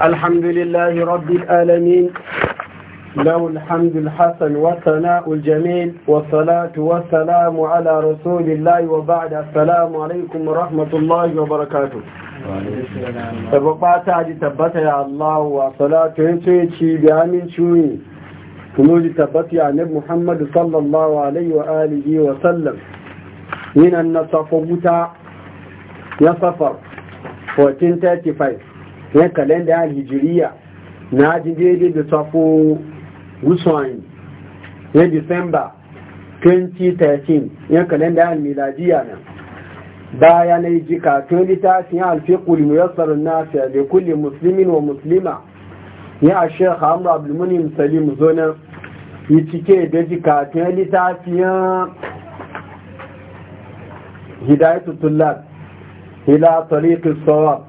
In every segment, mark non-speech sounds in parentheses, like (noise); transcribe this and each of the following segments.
الحمد لله رب العالمين له الحمد الحسن والثناء الجميل والصلاة والسلام على رسول الله وبعد السلام عليكم ورحمة الله وبركاته تبقاتها تبتها يا الله وصلاة ينسويتي بأمين شوي تنوز تبتها نب محمد صلى الله عليه وآله وسلم من أن النصف بتا يصفر وتنتاتي فايت na kalenda ya hijiriya na ji daidai da safo guswani na disamba 2013 ya kalenda ya miladiya na baya na yi jika tun littafin alfiƙul muyassar nasiya da kuli musulmin wa musulma ya a shekha amur abdulmunim salim zona yi cike da jika 2013 littafin hidayetu tullab ila tariqis sawab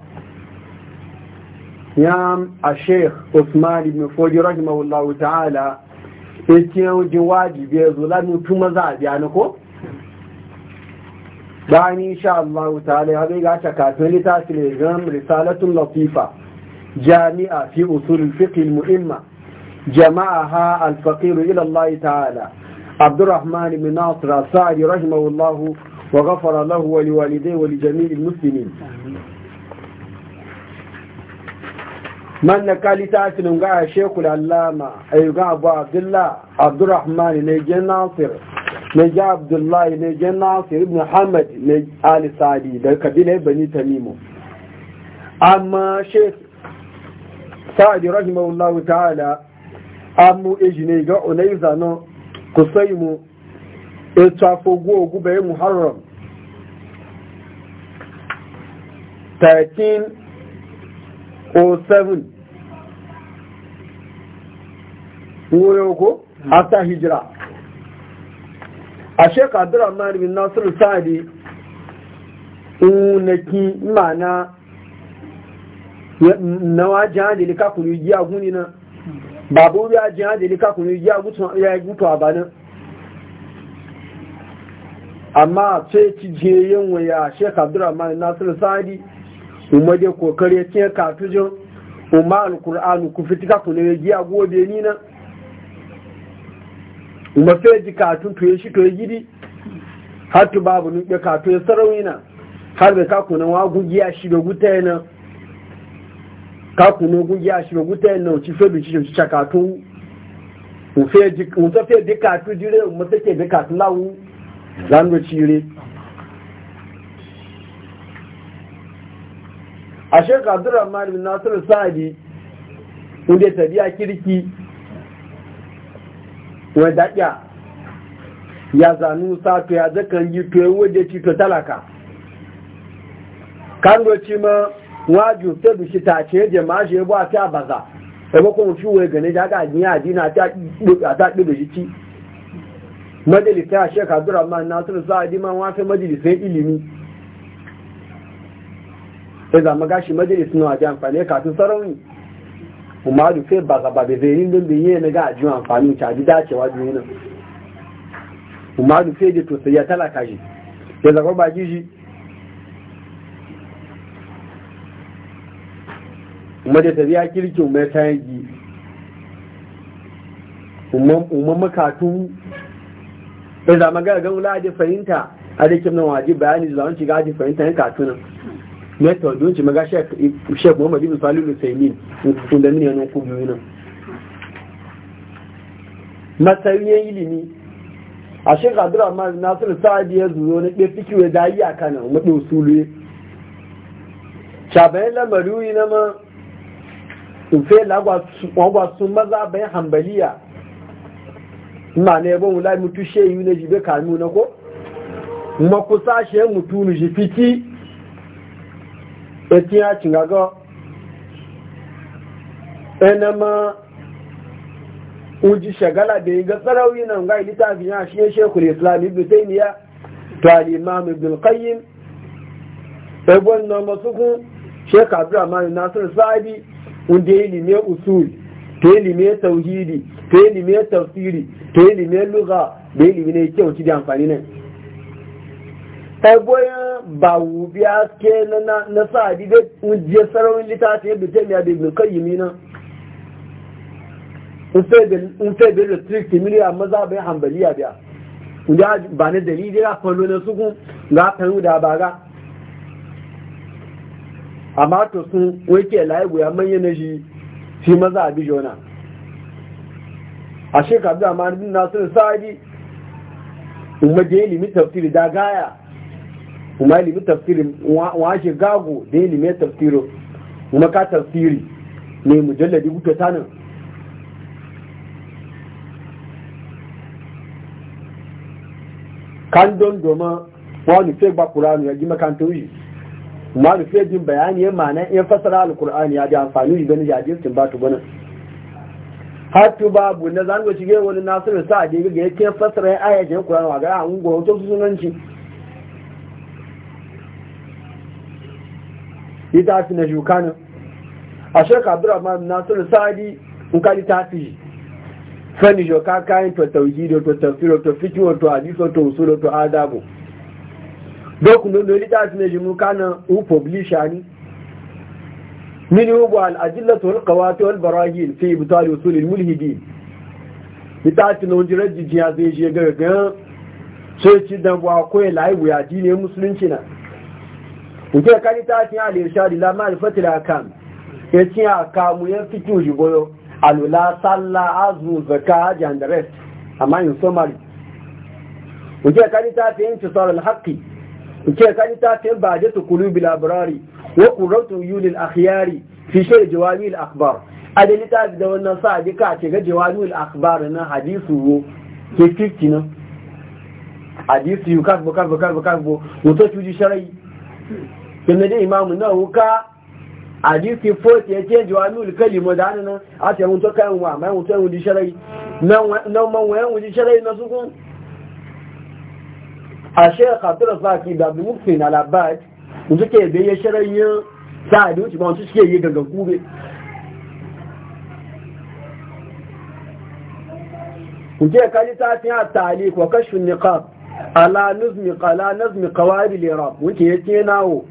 يام الشيخ عثمان بن فوج رحمه الله تعالى يتيو جواجي بيزو لا نتوما زادي عنكو باني إن شاء الله تعالى هذي قاعدة كاتمة لتاسل رسالة لطيفة جامعة في أصول الفقه المؤمة جمعها الفقير إلى الله تعالى عبد الرحمن بن ناصر الصالح رحمه الله وغفر له ولوالديه ولجميع المسلمين man na kali ta fi nunga a shekul allama a yi ga abu Abdullahi abdurrahman ne gen nasir ne ja abdullahi ne gen nasir ibn hamad ne ali sadi da kabila bani tamimu amma shek sa'adi rahimahullah ta'ala amu eji ne ga unaiza no kusaimu etafogo gube muharram 13 07 ko hmm. after hijira a sheik abdurrahman bin nasir sa'adi unaki mana na wa wajen hajjali kakuru yi aguni na babu ya jin hajjali kakuru yi agutu a banin amma ce ci jiyayen waya sheik abdurrahman nasir sa'adi umma dai kokari ya ce ka tujin umma alqur'anu ku fitika ku ne giya gobe ni na umma ji ka to shi to gidi har tu babu nuke ka ya sarawi na har be ka ku na wa gugiya shi be gutai na ka ku no gugiya shi be na ci fe bi ka ji ta fe de ka jire ke de a shekar abdurrahman bin nasiru sa'adi inda ya tabiya kirki wani daɗya ya zanu sato ya zakan yi to yi waje ci to talaka kan doci ma waju ta dushi ta ce ma shi ba ta baza ya ba kuma shuwa gane da ga a jina a ta ɗi shi ci majalisa shekar abdurrahman nasiru sa'adi ma wafe majalisai ilimi sai zama gashi majalis na waje amfani kafin sarauni umaru sai ba gaba da zai yin dundun yi na ga ajiyar amfani ta ji dacewa duniya nan umaru sai da tosai ya talaka shi ya zaba baki shi majalisar ya kirki umar ta yanki umar makatu sai zama ga gan wula da fahimta a da kim waje bayani zuwa wani shiga da fahimta yin katunan method yóò ti mẹ́gá ṣẹ́gbọ́n mọ̀dí bí sálú lè sẹ́yìn fún dẹ̀mí ẹnu kú bí wínà matsayin ilimi a ṣíkà dúrà máa nasiru sáàdì ya zuwa na pé fíkíwẹ̀ da yi a kanan maɗe usulu ṣàbẹ̀yìn lamari yi na ma tufe lagwasun maza bayan hambaliya ma na yabon wula mutu yi na jibe kanu na ko makusa shehu mutu nu shi fiki eti ya cingaga enama uji shagala da yi ga tsarauni nan ga ilita biya shi ne shekul islam ibn taymiya to al-imam ibn qayyim ebon na masuku shek abdurrahman nasir sa'idi unde ilimi usul to ilimi tauhidi to ilimi tafsiri to ilimi lugha da ilimi ne kyau ci da amfani ne eboya ba wubiya ke na na sa'adi da je sarawin litafi yadda miya da ibn kayyimi na in sai da restrict miliya maza bai hambaliya biya da ba na dalili ya falo na suku ga fahimta da ba ga amma to sun wake laye guya manya na shi shi maza a na a shekaru da ma'adin nasu da sa'adi umar da ya limita tafsiri da gaya kuma ya tafsiri wa shi gago da limi tafsiri kuma ka tafsiri ne mujalladi wuta sanin kan don doma wani fe ba kuranu ya gima kan tauyi kuma da fe jin bayani ya ma'ana 'yan fasara alkur'ani ya bi amfani da ni yaje sun ba tu bana hatu babu na zango shige wani nasiru sa da ga yake fasara ya ayaje kur'ani wa ga an go to sunanci littafi na shukanin a shekar abdurrahman nasiru sa'adi nka littafi fani shoka kayan to tauhido to tafsiro to fikiwo to hadiso to usulo to adabu dokunan da littafi na shukanin u publisha ni ta yubu al'ajillatu wal qawati wal barahin fi ibtal usul al mulhidin littafi na wajen rajjiya zai je gargaga sai ci dan ba koyi laibu ya dine musulunci na nke kari ta cin alirshadi lamar fatila kan ya cin a kamuyen fikin jigoyo alula salla azu zaka hajji and the rest amma in summary nke kari ta fi yin cisar alhaki nke kari ta fi yin baje su kulu bilabirari wa kurautu yulil akhiyari fi shir jawami akbar adali ta da wannan sa dika a ga jawami akbar na hadisu ke 50 na hadisu yu kasbo kasbo kasbo kasbo cuji shuji sharai kin da imamu na huka hadisi 40 ya ce jawanul kalimu da nan a ce mun to kai wa mai mun to di sharai nan nan man wayan wudi sharai na sukun a shekh abdul zaki da abdul mufin al-abad suke da ya sharai sa da wuce ba suke yi gangan kube kuje kali ta fi a talik wa kashfin niqab ala nuzmi qala nazmi qawabil iraq wuce yake nawo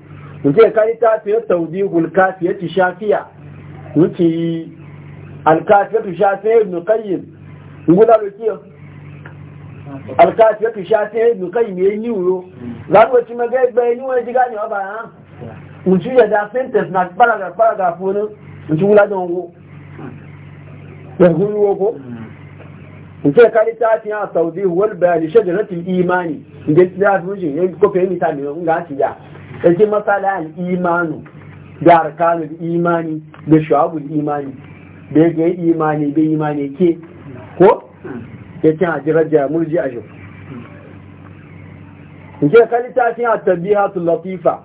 nke ka littafin taudihul kafiyati shafiya wuce alkafiyatu shafiya ibn qayyim ngula rukiyo alkafiyatu shafiya ibn qayyim wuro. yiwo zan wuce maga gbe ni wani diga ne ba ha wuce ya da sentence na paragraph paragraph wani wuce ngula don go da gulu ko nke ka littafin a taudihul bayani shajaratul imani inda littafin wuce yayin kofe ni ta ne ga ci ya yake masala al'imanu da arkanul imani da shu'abul imani da ya yi imani da imani ke ko ya ce hajjirar murji a shi nke kalita fi a tabbihatu latifa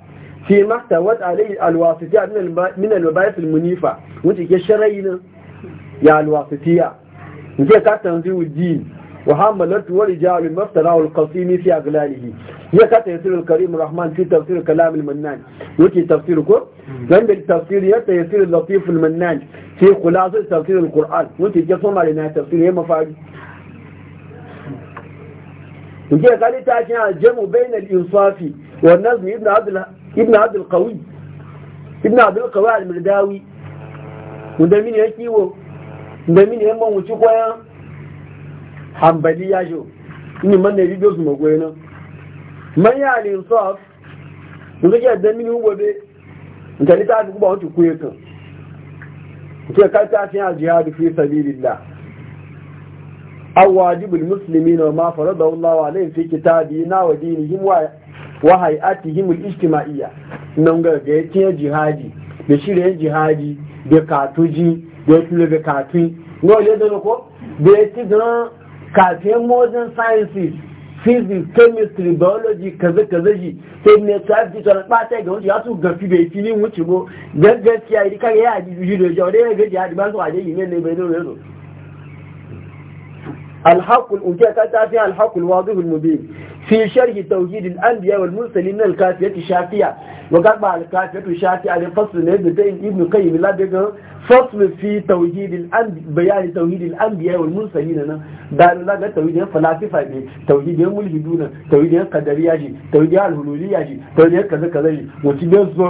fi maktawat alayhi alwasitiya min albayat almunifa wuce ke sharayi ya alwasitiya nke ka tanzihu din وحملت ورجال المفترى والقصيم في أغلاله يكا تيسير الكريم الرحمن في تفسير كلام المنان وكي تفسيركم عند التفسير يتيسير اللطيف المنان في خلاصة تفسير القرآن وكي جسم علينا تفسير هي مفاجئ وكي قال تعالى الجمع بين الإنصاف والنظم ابن عبد ابن عبد القوي ابن عبد القوي المرداوي وده مين يكيو وده مين يمم hambali ya jo ni man ne rido su magoyi nan man ya ne insaf mun ga yadda mini ubo be nta ni ta ku ba wuce kuye kan ke ka ta fi jihad fi sabilillah aw wajibul muslimin wa ma farada Allah alayhi fi kitabina wa dinihim wa wa hay'atihim al-ijtima'iyya nan ga ga yace e jihadi da shirin e jihadi da katuji da tulu da katun ngo le da ko da yace dan kafin modern sciences physics chemistry biology kaza kaza shi sai ne ta fi tsara bata ga wuce ya su gafi bai fili wuce bo gaskiya idan kaga ya ji jiro jawde ne gaji ya di ban so a je yi ne bai dole so alhaƙul uke ka ta fi alhaƙul wazuhul mubi fi sharhi tauhidin an biya wal musali na alkafiyatu shafiya wa gaba alkafiyatu shafiya da fasu ne da ta yin ibn kayyim la daga fasu fi tauhidin an bayani tauhidin an biya wal musali na nan da an zaga tauhidin falasifa ne tauhidin mulhiduna tauhidin kadariya ji tauhidin alhululiya ji kaza-kaza ji mutum ya zo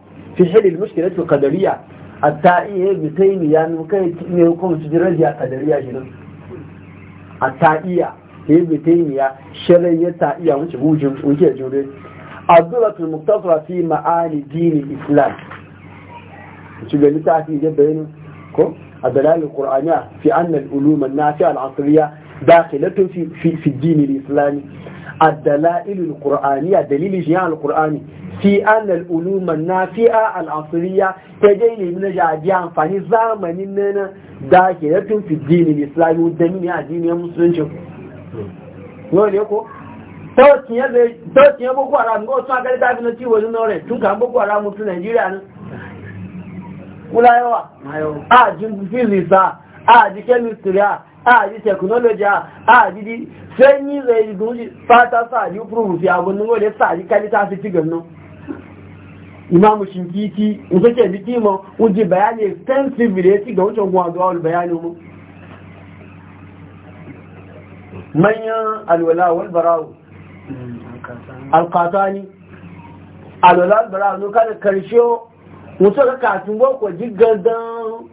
في حل المشكلة القدرية التائية إيه؟ بتيمية يعني ممكن يكون سجرز يا قدرية جنون التائية هي يا شرعية تائية وجه جنون الدولة المقتصرة في معاني دين الإسلام شبه لتعفي جبين الدلالة القرآنية في أن الألوم النافعة العصرية داخلة في, في, في الدين الإسلامي الدلائل القرآنية دليل جيان القرآني fi annal uluman nafi'a al'asiriya ta dai ne na jaji amfani zamanin nan da ke da tun fi dinin islami da mini addinin musulunci yau ne ko tawacin boko haram ga wasu akari tafi na ciwo na ore tun kan boko haram mutu nigeria ne kula yawa a jin filisa a ji kemistiriya a ji teknoloji a ji sai yi zai yi gudu fata sa ji furu fi abin nuna wale sa ji kalita fi ci gannu imamu shinkiti in sake jiki ma wuce bayani extensive da ya ci ga wucin kuma zuwa bayani mu manyan alwala wal barawo alkatani alwala wal barawo no kada karshe wuce ga katin boko jigadan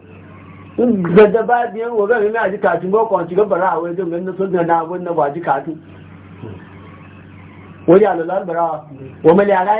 gada ba biyan wa gani na ji katin boko a cikin barawo ya jin ganin sun na ba ji wani alwala wal wa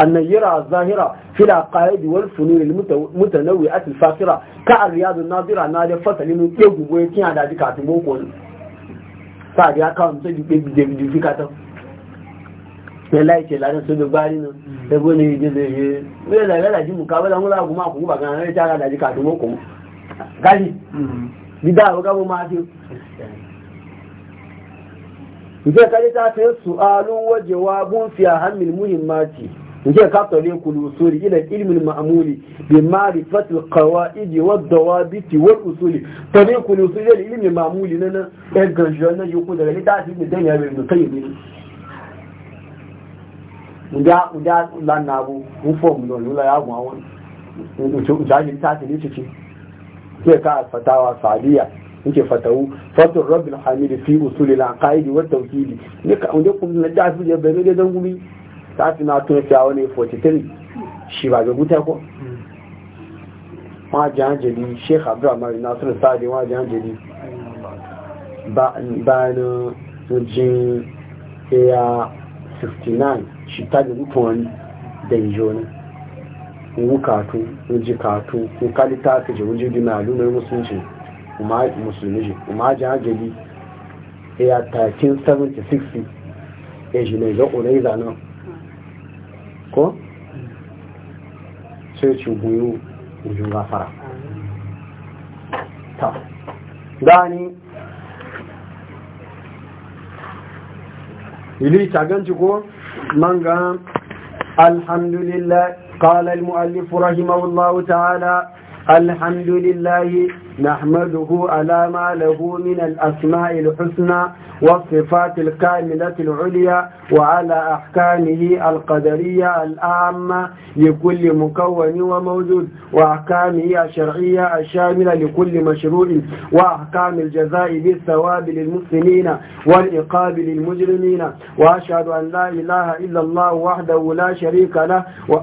أن يرى الظاهرة في العقائد والفنون المتنوعة الفاخرة كالرياض الناظرة نادي فتل يجب ويكين على ذلك أتموكول سعدي أكام تجد بجد ذلك أتم yẹ́lá ìṣẹ̀lá yi sódò bá nínú ẹgbẹ́ ní ìdílé ṣe wílẹ̀ lẹ́lẹ́jì mú káwẹ́lá ń láàgùn máa kùn bàkan rẹ̀ jára dájí kàdùmọ́kùn gáyì dídá àwọn gábọ́ máa tí ìfẹ́ kájẹ́ta fẹ́ sùn ààrùn wọ́jẹ̀wà bun fi hamil muhimmanci. je ka tare ku usuli ila ilmin ma'muli bi ma'rifati alqawaid wa dawabit wa usuli tare ku usuli ila ilmin ma'muli nan e ganjo nan yuku daga lita shi ne dan ya bi mutayyib nda nda lan na bu ku form no lula ya gwa won to ta ji ta ce ce ke ka fatawa sadiya yake fatawu fatur rabbil hamid fi usuli alqaid wa tawhid ne ka unde ku na da su je bai da dan gumi ta na tun fi wani 43 shi ba ga guta ko wajen anjali sheikh abu amari na tun sadi wajen anjali bayanin jin ya 69 shi ta da yi danjo ne wu katu rujin katu ko kalita ta ce rujin dina lunar musulunci musulunci kuma wajen anjali ya 1376 ya shi ne ga ƙunai zanen سيرتش وبيو وجوغا الحمد لله قال المؤلف رحمه الله تعالى الحمد لله نحمده على ما له من الأسماء الحسنى والصفات الكاملة العليا وعلى أحكامه القدرية العامة لكل مكون وموجود وأحكامه الشرعية الشاملة لكل مشروع وأحكام الجزاء بالثواب للمسلمين والإقاب للمجرمين وأشهد أن لا إله إلا الله وحده لا شريك له و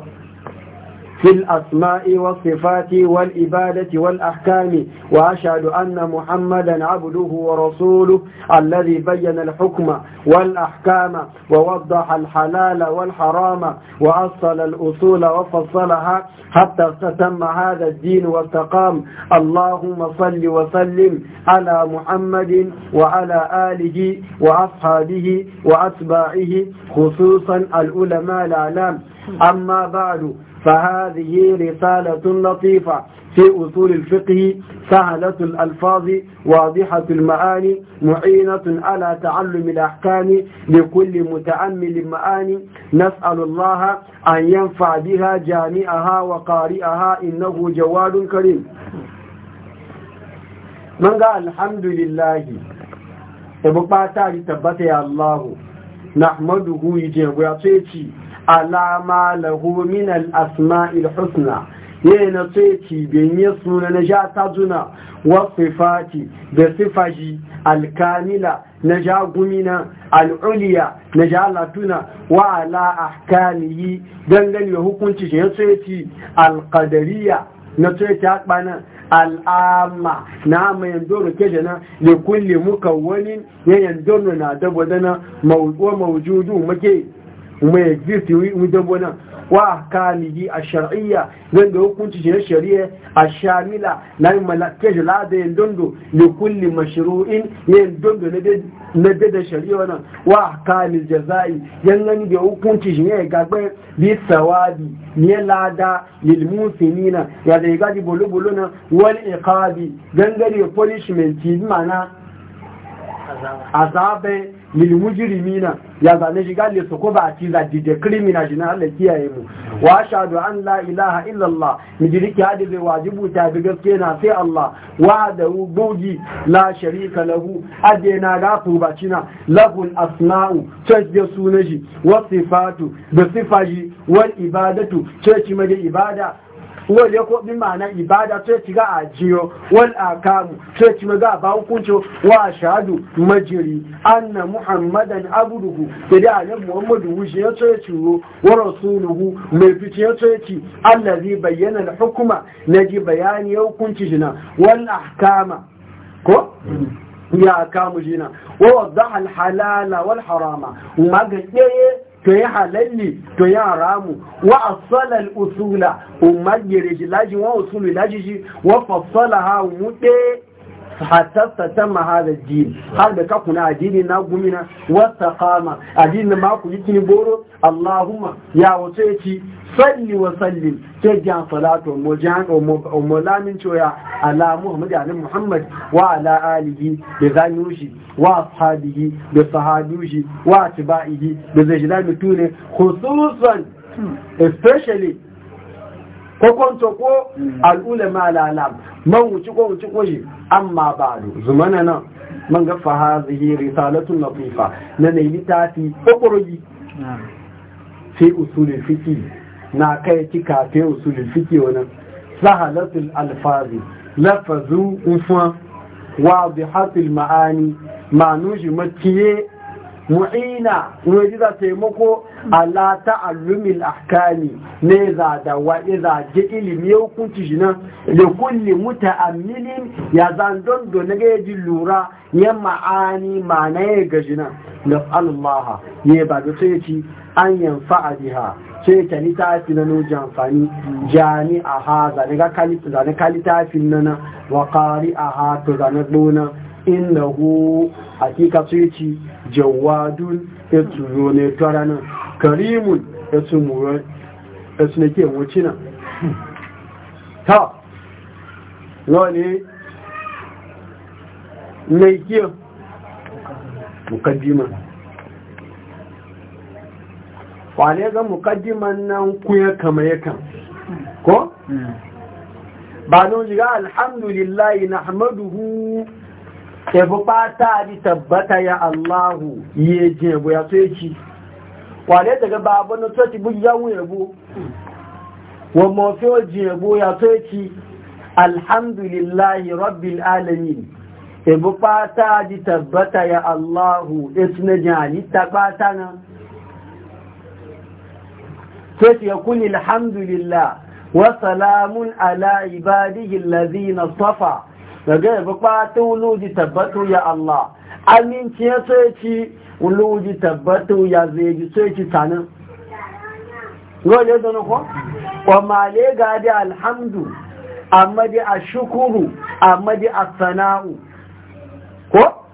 في الأسماء والصفات والإبادة والأحكام وأشهد أن محمدا عبده ورسوله الذي بين الحكم والأحكام ووضح الحلال والحرام وأصل الأصول وفصلها حتى استتم هذا الدين واستقام اللهم صل وسلم على محمد وعلى آله وأصحابه وأتباعه خصوصا العلماء الأعلام أما بعد فهذه رسالة لطيفة في أصول الفقه سهلة الألفاظ واضحة المعاني معينة على تعلم الأحكام لكل متأمل المعاني نسأل الله أن ينفع بها جامعها وقارئها إنه جواد كريم من قال الحمد لله ابقى تعالي تبتي الله نحمده يجيب ويطيتي alama lahu min al-asma'il husna yayi na ce benye suna na ja ta juna da sifaji al-kamila na ja gumina al-uliya na ja wa ala dangane da hukunci shi ya ce ci al-qadariyya na ce ci al'amma na mai yandoro na jana da muka wani yayin na dabwadana wa mawujudu muke mai exist wajen gona wa kamihi a shari'a zan da hukunci shi na shari'a a shamila na malakar lada yin dondo da kulli mashiru'in yin dondo na dada shari'a nan wa kamil jaza'i yan gani da hukunci shi ne gagbe bi sawabi ne lada lilmusinina ya da ya gaji bolo-bolo na wani ikabi gangare punishment mana azabe mil mujrimi na ya zane shi gale su ko ba a tiza da krimina shi na Allah kiyaye mu wa shahadu an la ilaha illallah mi jiri ki hadi bai wajibu ta bi gaske na sai Allah wa da gogi la sharika lahu ade na ga ba cina lahu asma'u ce da sunaji wa sifatu da sifaji wal ibadatu ce ci ibada wani ya koɓi mana ibada to ya ci ga ajiyo wal akamu to ya ci maga ba hukunci wa shahadu majiri na muhammadan abuduhu da da alim muhammadu wuce ya to ya ci ro wa rasuluhu mai fice ya to ya ci allah zai bayyana da hukuma na ji bayani ya hukunci na. wal ahkama ko ya kamu jina wa wadda al halala wal harama ma ga ɗaya to ya halalli to ya haramu wa asala al usula umma yirijilaji wa usulu lajiji wa fassalaha mude hatta tamma hada jil har da kakuna ajini na gumina wata kama ajini ma ku yi boro allahumma ya wato ya ci salli wa sallim sai ga salatu mu jan mu lamin ala muhammad ali muhammad wa ala alihi da zanushi wa ashabihi da sahadushi wa tibaihi da zai jira khususan especially ko kwanto ko al'ulama al'alam man wuce ko wuce ko shi amma ba da zumana nan man ga fa hazihi risalatun latifa na ne litafi kokoroji sai usulul fiqi na kai kika sai usulul fiqi wannan sahalatul alfazi lafazu ufa wadihatul maani ma'nuji makiye mu'ina wani za taimako ala ta'allumil ahkami ne za da wa'i za ji ilimi ya hukunci shi nan da kulli muta'ammilin ya zan dondo na ga ji lura ya ma'ani ma na ya ga shi nan da Allah ya ba da sai ci an yanfa biha sai ta ni tafi na nuji amfani jani a ha zane kalitafin nana wa kari a ha to zane dona inda hu hakika sai ci jawadun ya tsoro ne ta ranar karimun ya tsumura ya tsunake wuce nan ta wani mai kiyo mukaddiman wane ga mukaddiman nan kuya kama kan ko? Hmm. ba nun jiga alhamdulillahi na hu. ebu fata bi tabbata ya Allahu ye je bu ya sai ci wale daga babu na to ti bu ya wu ebu wa mo fi o je bu ya sai ci alhamdulillahi rabbil alamin ebu fata bi tabbata ya Allahu etuna jani tabbata na sai ti yakuni alhamdulillah wa salamun ala ibadihi alladhina safa daga yabi kwata wuluji tabbatu ya Allah aminci ya so ci wuluji tabbatu ya zai ji so ci sanin gole da nuku wa male ga di alhamdu amma di a shukuru amma da a sana'u ko?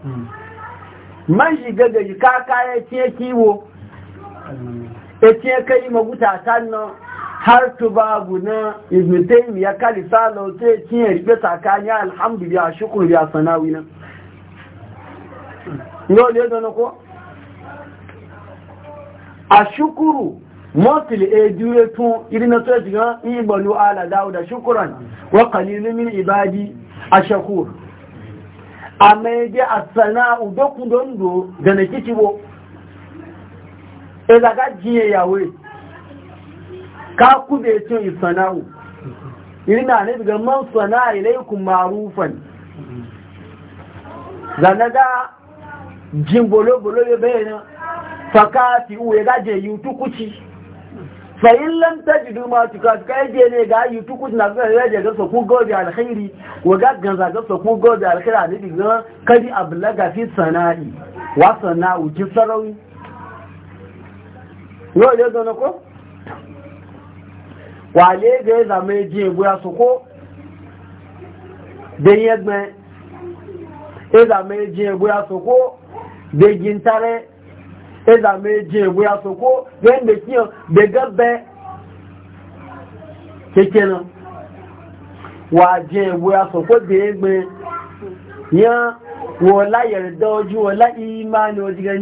man shi gaji kaka ya ce kiwo ya ce kai maguta sannan har tu babu na ibn tayyib ya kali sala ce cin ya ribe tsakani alhamdulillah shukr ya sanawi na yo le don ko ashukuru mostly e jure tun iri na to jiga ibalu ala dauda shukran wa qalilun min ibadi ashakur amma yaje asana sanau dokun dondo da na kicibo e daga jiye yawe ka kube cin sana'u, ina ne daga man sana'a ilaikun marufan zanaga jin bolo-bolo ya bayyana fakati uwe gaje yi tukuci fa'in lanta jidu ma tuka-tuka je ne ga yi tukuci na zuwa yaje gasa ku gobe alkhairi wa ga za gasa ko gobe alkhairi a nufi gan kari abu laga fi sana'i wa sana'u ki sarauni yau ne zana ko? wale ga ya zama ya ji ya su ko don yadda ya zama ya ji ya ko don gintare ya zama ya ji ya ko don da kiyo da gabbe kekenan wa ji ya su ko da ya gbe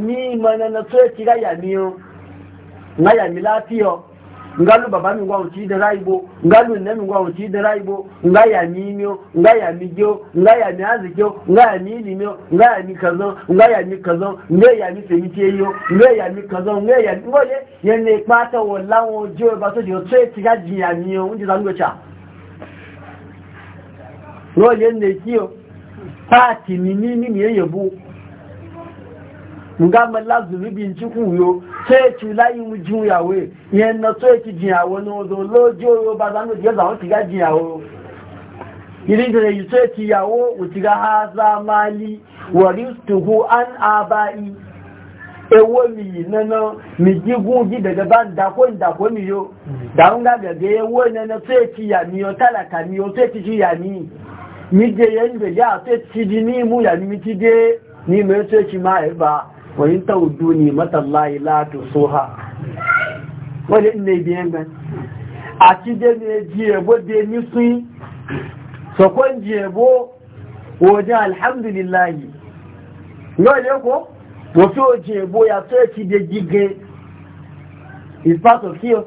ní ìmọ̀ ẹ̀nà ngalu baba mi ngwa uchi de raibo ngalu nne mi ngwa uchi de raibo nga ya mimio nga ya mijo nga ya miazikyo nga ya milimio nga ya mikazo nga ya mikazo nga ya misemicheyo nga ya mikazo nga ya ngole yene pata wala wojo ba so jo tse ti ga jiya mi o ndi zango cha ngole ne kiyo pati ni ni ni yebu nga mala zunubi nchukwu yo chechi layi wuju yawe ihe nna chechi ji yawo n'ụzọ loji oyo baza ndị ezi ahụ tiga ji yawo iri dere yi chechi yawo utiga ha za mali wari tuhu an abai ewo mi yi na, mi jigun ji daga ba ndako ndako mi yo da nga gaga ewo nana chechi ya mi yo talaka mi yo chechi ji ya mi mi je yen be ya chechi di ni mu ya mi ti de ni me chechi ma e ba Wani yin ta hudu ne matallahi latu soha wani ne biyan gan a cide ne jiyebo da ni sun sakon jiyebo wajen alhamdulillahi yau ne ko wato jiyebo ya so ya cide gige is part of here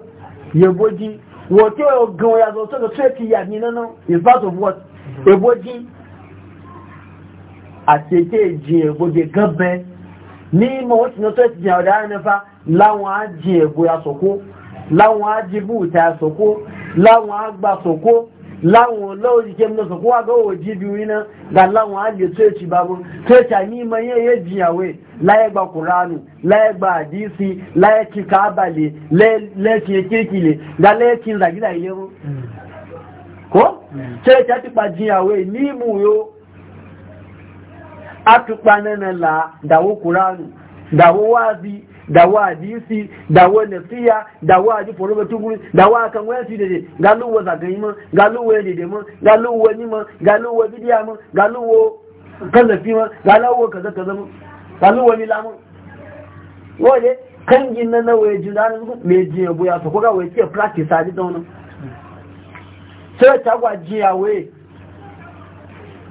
yeboji wato gan ya zo da so ya ci yami nana is part of a jiyebo da ní mọ̀ wọ́n ti ní tó ti jẹ́ ọ̀dá ẹnifá láwọn ajé ẹ̀gbọ́ àsòkó láwọn ajé búùtà àsòkó láwọn agbà àsòkó láwọn olóò jíkẹ́ mọ́ sòkó wà gọ́wọ́ jíbi wíná ga láwọn ajé tó ti babu tó ti ní mọ̀ yẹ́ yẹ́ jìyàwó láyẹ́gbà kùránù láyẹ́gbà àdísí láyẹ́kì kábàlì lẹ́ẹ̀kì kékìlì ga lẹ́ẹ̀kì ràgídà ilé mú kó tó ti àtìpà jìyàwó ní yóò atukpa nene la dawo kuranu dawo wazi dawo hadisi dawo nasiya dawo aji forobe tuguri dawo akan waya si dede galuwo dede ma wa ni ma galuwo bidiya ma galuwo ma galuwo kaza kaza ma galuwo ni la ma wole kangin na nawa ji da nan me ji ya buya so ko ga wai ke practice a ji da wannan sai ta ya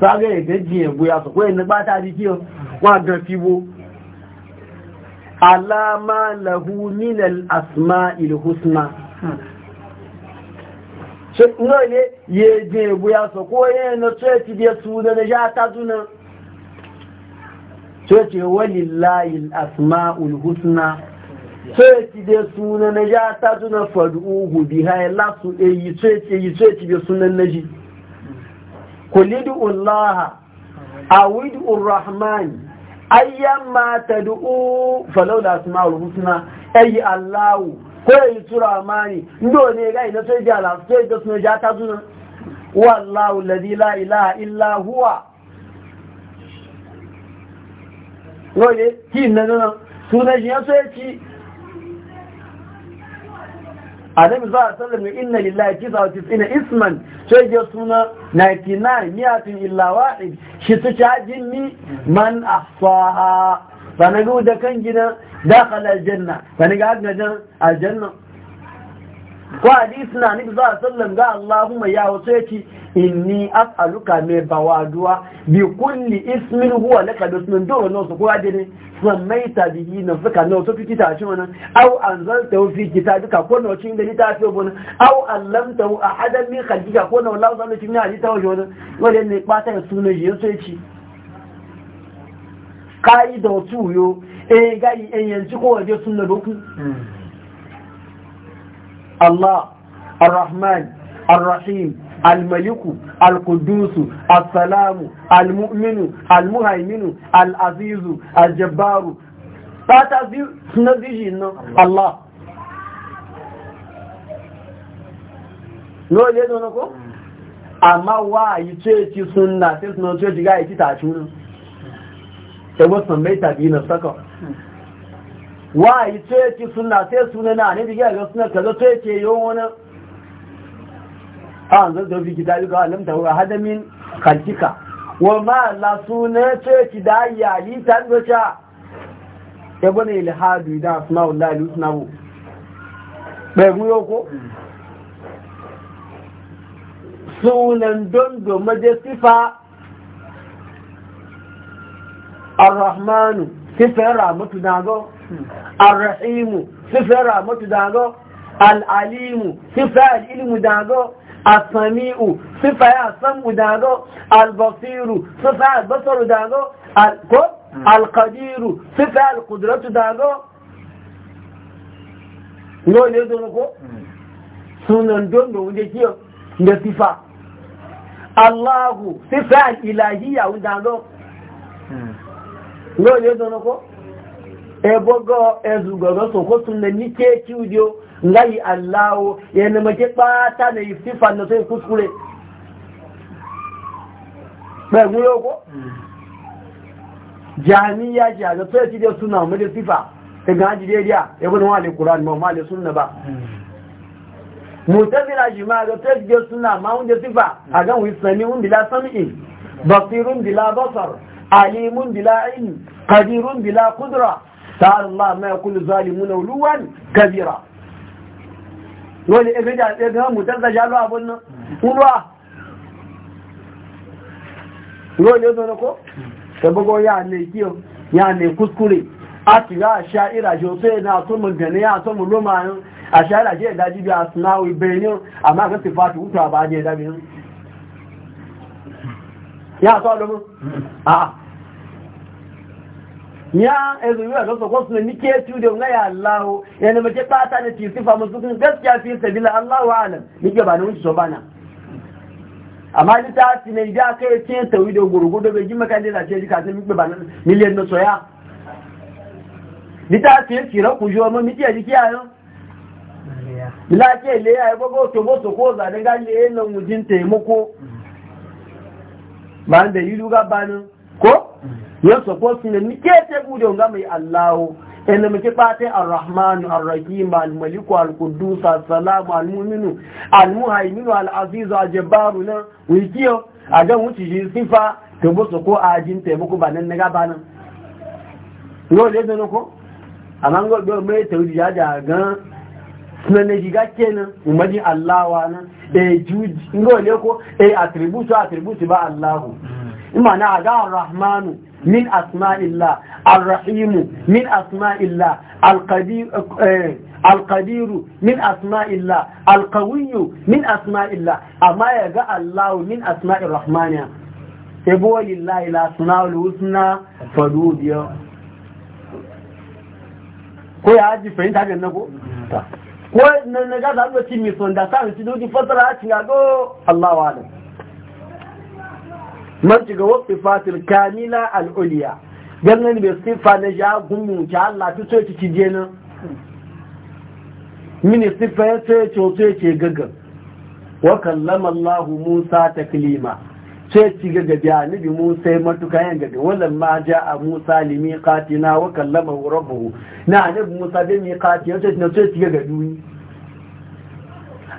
sáré ìdẹ́jì ẹ̀gbò yàtọ̀kọ́ ẹni pátá di kí wọ́n gan fi wo aláàmà lẹ́hu nílẹ̀ asma ìlúhúsná ṣe ní ọ̀lẹ́ ẹ̀gbò yàtọ̀kọ́ ẹni tó ẹ̀ ti ẹ̀tù lẹ́nà yá tájú náà tó ṣe wọ́lì láì asma ìlúhúsná tó ẹ̀ ti ẹ̀tù lẹ́nà yá tájú náà kulidu Allah awidu Ar-Rahman ayyamma tad'u falawla asma'ul husna ay Allah ko yi tura mani ndo ne ga ina sai da la da sun ja ta zuna wallahu alladhi la ilaha illa huwa Lọ́yẹ̀ kí ìnàdánà, túnẹ̀ jìyàn sọ èkì annabi za a sallar ya inna lillahi kisa wa tis'ina isman sai ya suna 99 mi'atun illa wahid shi su cajin ni man ahsaha sanagu da kan gina dakhala aljanna sanaga gina aljanna ko hadisi na nabi za a sallam ga Allahumma ya wato yake inni as'aluka me bawaduwa bi kulli ismin huwa laka da sunan dole na wasu kowa dai samaita bihi na suka no to fitita shi wannan aw anzalta fi kitabika ko na no cin da litafi bon aw allamta ahadan min khalqika ko na no Allah zalika min hadita wa jodan wale ne bata sunan yesu yake kai da tuyo eh gari eh yanzu ko waje sunan doku hmm. الله الرحمن الرحيم الملك القدوس السلام المؤمن المهيمن العزيز الجبار فاتزيجنا الله lóò lé tónú kó a máa wá àyí tí ó ti sún náà tí ó ti gá àyí títà àtúnú ẹgbẹ́ sàn mẹ́ta bí wa yi tsoyaki suna sai suna na ne bigiya ga suna kaza tsoyake yau wani an zai zafi gida yi ga da wa hadamin kalkika wa ma la suna tsoyaki da yayi ta zoca ya ne ilhadu idan suna wallahi lusna bu bai guyo ko sunan dondo al-rahmanu? sifin ramatu dago arrahimu sifin ramatu dago al'alimu sifin al'ilmu dago asami'u sifin asamu dago albasiru sifin albasaru dago alkadiru sifin alkudratu dago yau ne zo ko sunan don da wunde da sifa allahu sifin al'ilahiyya wundago ngo ne zo ko e bogo e zugogo so ko sunne ni ke ki ujo ngai allah ye ne ma ke pata ne sifa no to kuskure ba mu yo ko jami'a ja da to ti e da suna mu da sifa ta e gaji ya ya e gudu wa ne ma ma da sunna ba mutazila jima da to ti da suna ma hun da sifa a gan wi sami hun bila sami basirun bila basar alimun bila ilmi qadirun bila qudra ta'ala Allah ma yakulu zalimuna uluwan kabira wani ebe da ɗaya ga mutar da jalo abun nan ruwa ruwa ne zo na ko? sabago ya ne kiyo ya ne kuskure a tiga a sha'ira shi sai yana so mu gane ya so mu loma yin a sha'ira shi yadda jibi a sunawi benin amma kan sifati wuta ba ne da benin ya so lomu a ya yanzu yi wasu kwasu na nike tu da ngaya allahu yana mace fata na ci sifa musu kun gaskiya fi sabila allahu alam nike ba na wuce so bana amma ni ta ci ne da kai ce tawi da gurgudu bai ji maka ne da ce jika sun mike ba na miliyan na soya ni ta ci e, ci ra ku jo mun mike ji kiyayo bila ke le ya gogo to bo so ko za da galle e, nan mujin taimako ba da yi duga banu ko yau su kuwa suna nike ce gudu ga mai allahu ina muke fata ar-rahmanu ar-rahim al-maliku al-quddus as-salamu al-mu'minu al-muhaiminu al-azizu al-jabbaru na wikiyo a ga wuce shi sifa to bo su ko ajin taimako ba nan na gaba nan yau da zan ko amma ga do mai tawdi ya da ga suna ne shiga kenan umaji allawa nan eh juji ngo le ko eh attribute attribute ba allahu mana aga rahmanu min asma'illah ar-rahimu min asma'illah eh, al-qadiru min asma'illah al-qawiyyu min asma'illah amma ya ga Allah min asma'ir rahmaniya ebo lillahi la sunawul husna fadu biyo ko ya ji fahimta ga nako ko na ga da ci mi son da sa ci doji fasara ci ga go Allahu a'lam marci ga wasu fatil kamila al'uliya ganin bai siffa na ja gumu ki Allah ta soci ki je nan mini siffa ya soci ya ke gaga wa kallama Allah Musa ta taklima sai ci gaga biya nabi Musa ya matuka yin gaga wallan ma ja a Musa limi katina wa kallama rabbuhu na nabi Musa bi mi qatina sai ci gaga duniya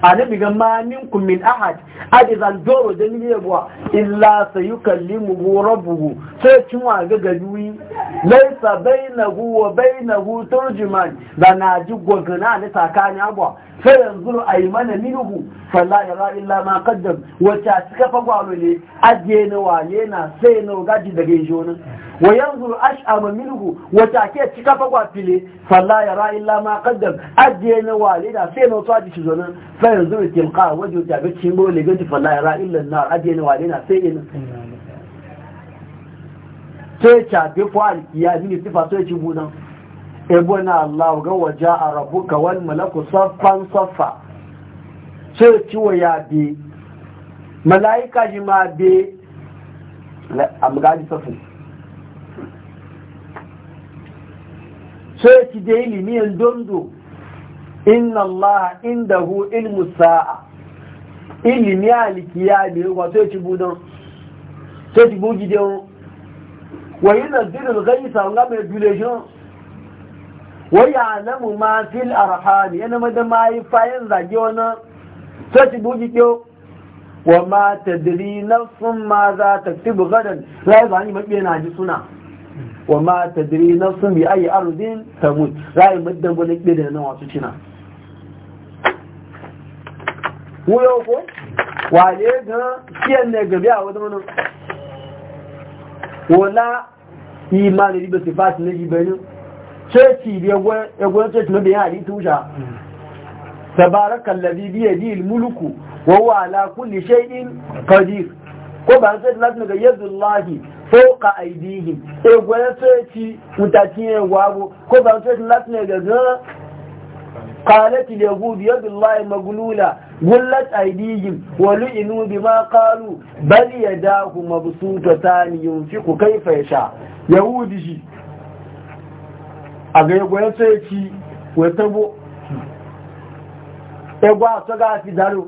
annabi ga ma minkum min ahad adi zan doro da niye bua, illa sayukallimu rabbuhu sai cin wa ga gaduyi laisa bainahu wa bainahu turjuman da na ji gogana ne sakani abwa sai yanzu a yi mana minuhu falla yara illa ma qaddam wacce suka fa gwalo ne ajiye na wale na sai na gaji daga yi wa yanzu ash'ama minhu wa take cika fa kwa file falla yara illa ma qaddam ajiye na walida sai na tsaji shi zonan fa yanzu tilqa waje ta ga cin bo le gadi falla yara illa na ajiye na walida sai in sai ta bi fa alkiya mini sifa sai ci gudan. budan ebona allah ga waja rabbuka wal malaku saffan saffa sai ci ya bi malaika ji ma bi amgaji saffan sai ki je ilimiyan dondo inna allaha hu ilmu sa'a ilimi alikiya ne ba sai ki don sai ki bugi de on wa yunzilu al-ghaytha wa ma yudlejon wa alamu ma fil arham yana mada ma yi fayan zage wannan sai ki bugi de wa ma na sun ma za ta tibu gadan sai ba ni na ji suna wa ma tadri nafsun bi ayi ardin tamut rai muddan bane kide da nan wasu cina wuyo ko wale ga kiyan ne gabi a wadda wannan wala imani ribe sifat ne ibenu ceci bi egwe ceci no bi hali tusha tabarakallazi bi yadihi almulku wa huwa ala kulli shay'in qadir ko ba sai lati ga yadullahi fauka aidihim egwa ya tsoci mutakin egwa abu ko ba tsoci latin ya gaza قالت اليهود يد الله مغلولة غلت أيديهم ولئنوا بما قالوا بل يداه مبسوطتان ينفق كيف يشاء يهودي shi a ga ya wata e fi daro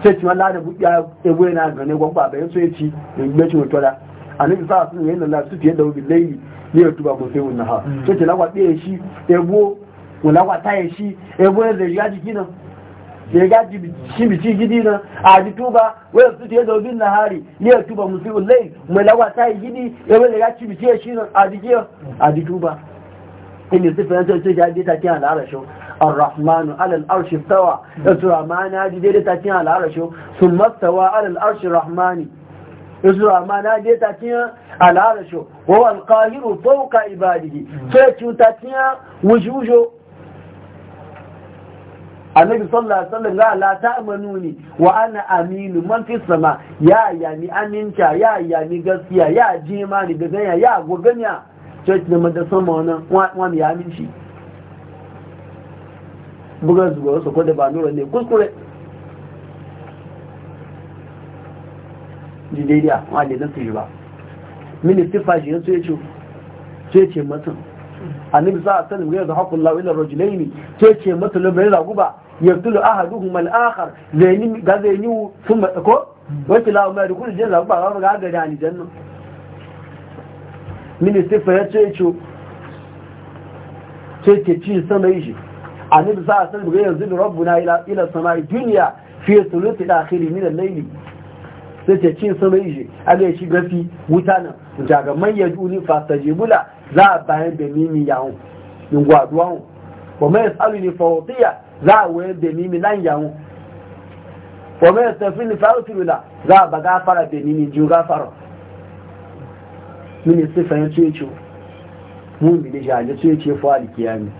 sai ci wallah da buɗiya ebo yana gane gwamba bayan sai ci da gbe ci mutuwa annabi sa sun yi lalla su fiye da wubin laili ne ya tuba ko sai wannan ha mm. sai ci lagwa ɗaya shi ebo lagwa taya shi ebo ya zai ya jiki nan ya ga shi bici gidi nan a ji tuba wai su fiye da wubin nahari ne ya tuba musu yi laili mai lagwa taya gidi ebo ya ga shi bici ya shi nan a ji tuba inda sifin sai sai ya ji ta kiyan da الرحمن على الأرش استوى يسرى معنا جديدة تاتين على الأرش ثم استوى على الأرش الرحمن يسرى معنا جديدة تاتين على الأرش وهو القاهر فوق عباده فيتو تاتين وجوجو annabi sallallahu alaihi wasallam ga la ta'manuni wa ana aminu man fi sama ya ya ni aminta ya ya ni gaskiya ya jima ni da ganya ya goganya church na madrasa aminci buga zuwa su kwada ba nura ne kuskure ji daidai a wani zan su ba ministi fashi ya ce ce ce a nan bisa a sanin gaya da haƙun lawilar rajulaini ce ce mutum labarai ragu ba ya tulu ahaduhum al-akhar zaini ga zaini sun matsako wata lawa mai rukun jin ragu ba ga gari a nijan ministi fa ya ce ce ce ce ci sama yi shi annabi sa sallallahu alaihi wasallam yanzu rabbuna ila ila samai dunya fi thuluthi al-akhir min al layli sai ta ce sama yi aga shi gafi wuta nan daga man yaduni Jibula za a bayan da mimi yawon in gwaduwa hun wa mai tsalu ne fawotiya za a wayar da mimi nan yawon wa mai tafi ne fawotiya za a ba gafara da mimi jiyo gafara mini sifayen ce ce mun bi da shi a ce ce fuwa da kiyami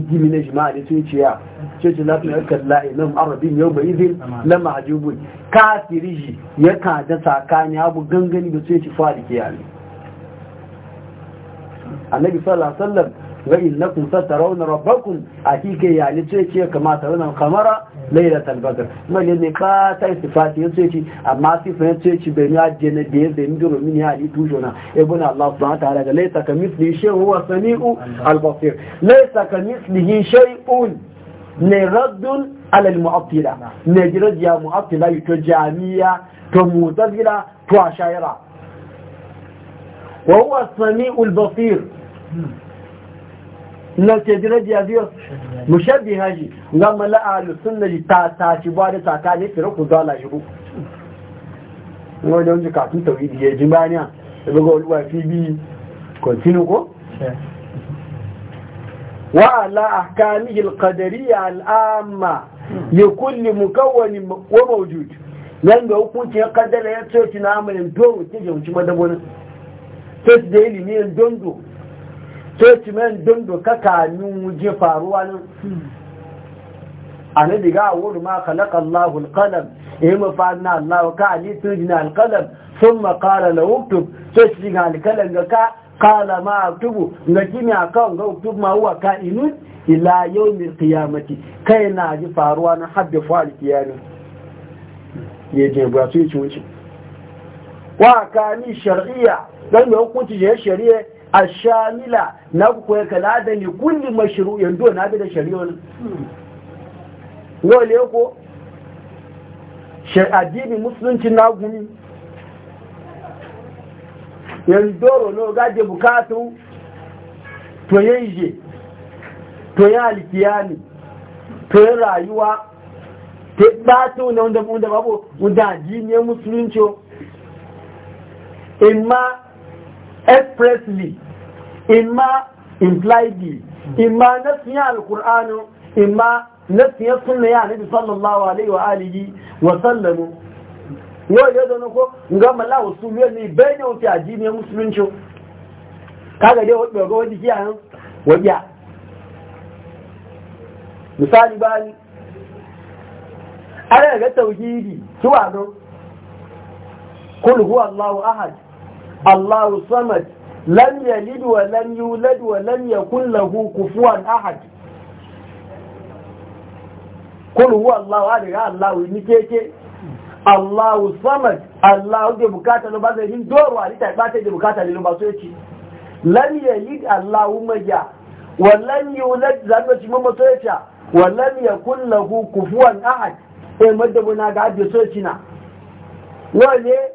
gini na jima'a da tuciya cikin latin yakan la'inan arabin yau bai izin na ajibun kafiri shi ya kada tsakani abu gangani da tuci fari ke yare annabi sallallahu alaihi wasallam ga innakum satarawna rabbakum akike ya ni tuci kamata wannan kamara ليلة البدر ما يعني فات استفات يسوي أما في فرنسا يبني أجن ديز دمجر من يالي توجونا يبون الله سبحانه وتعالى ليس كمثل شيء هو سميع البصير ليس كمثل شيء لرد على المعطلة نجرد يا معطلة تجامية تمودغرة تعشيرة وهو السميع البصير na ke jira jiya biyu mushabbi haji ga mala'a sunna ji ta ta ci ba da ta ta ne fira ku zala shi ku wani yanzu kafin tauhidi ya ji baniya da buga wani fi bi continue ko wa ala ahkamihi alqadariyya al'amma li kulli mukawwin wa mawjud nan ga hukunci ya kaddara ya ce ci na amalin don mutum ya wuce madabonin sai da ilimi don don statement don doka kanin wuje faruwa nan ana diga a wuri ma kalaka Allah alƙalam ya e mafa na allahu ka halittu jina alƙalam sun makara na uktub sai shi ga ga ka kala ma uktubu ga kimi a kan ga uktub ma huwa ka inu ila yau mai kiyamati kai na ji faruwa na habbe fari kiyanin ya je ba su yi ci wuce wa kani shar'iyya don da hukunci je shari'a ashamila na kuwa kala da ni kulli mashru yando na bi da shari'on wale ko addini musulunci na gumi yandoro no gaje bukatu to yaije to ya alkiyani to ya rayuwa to ba to na wanda babu wanda addini musulunci imma expressly imma impliedly imma nasiya alkur'anu imma nasiya sunna ya nabi sallallahu alaihi wa alihi wa sallamu yau ya zana ko ga mala usuliyar ne bai da wuce addini musulunci kaga dai wadda ga wadi kiyaye wadiya misali bani ana ga tauhidi kiwa don kul huwa allahu ahad Allahu samad lam yalid wa lam yulad wa lam yakul lahu kufuwan ahad kul huwa Allahu ahad ga Allahu ni keke Allahu samad Allahu da bukata no ba zai hin doro ali ta ba ta da bukata ne ba so yace lam yalid Allahu maja wa lam yulad zan ba mama mamma so yace wa lam yakul lahu kufuwan ahad eh madda buna ga da so yace na ne.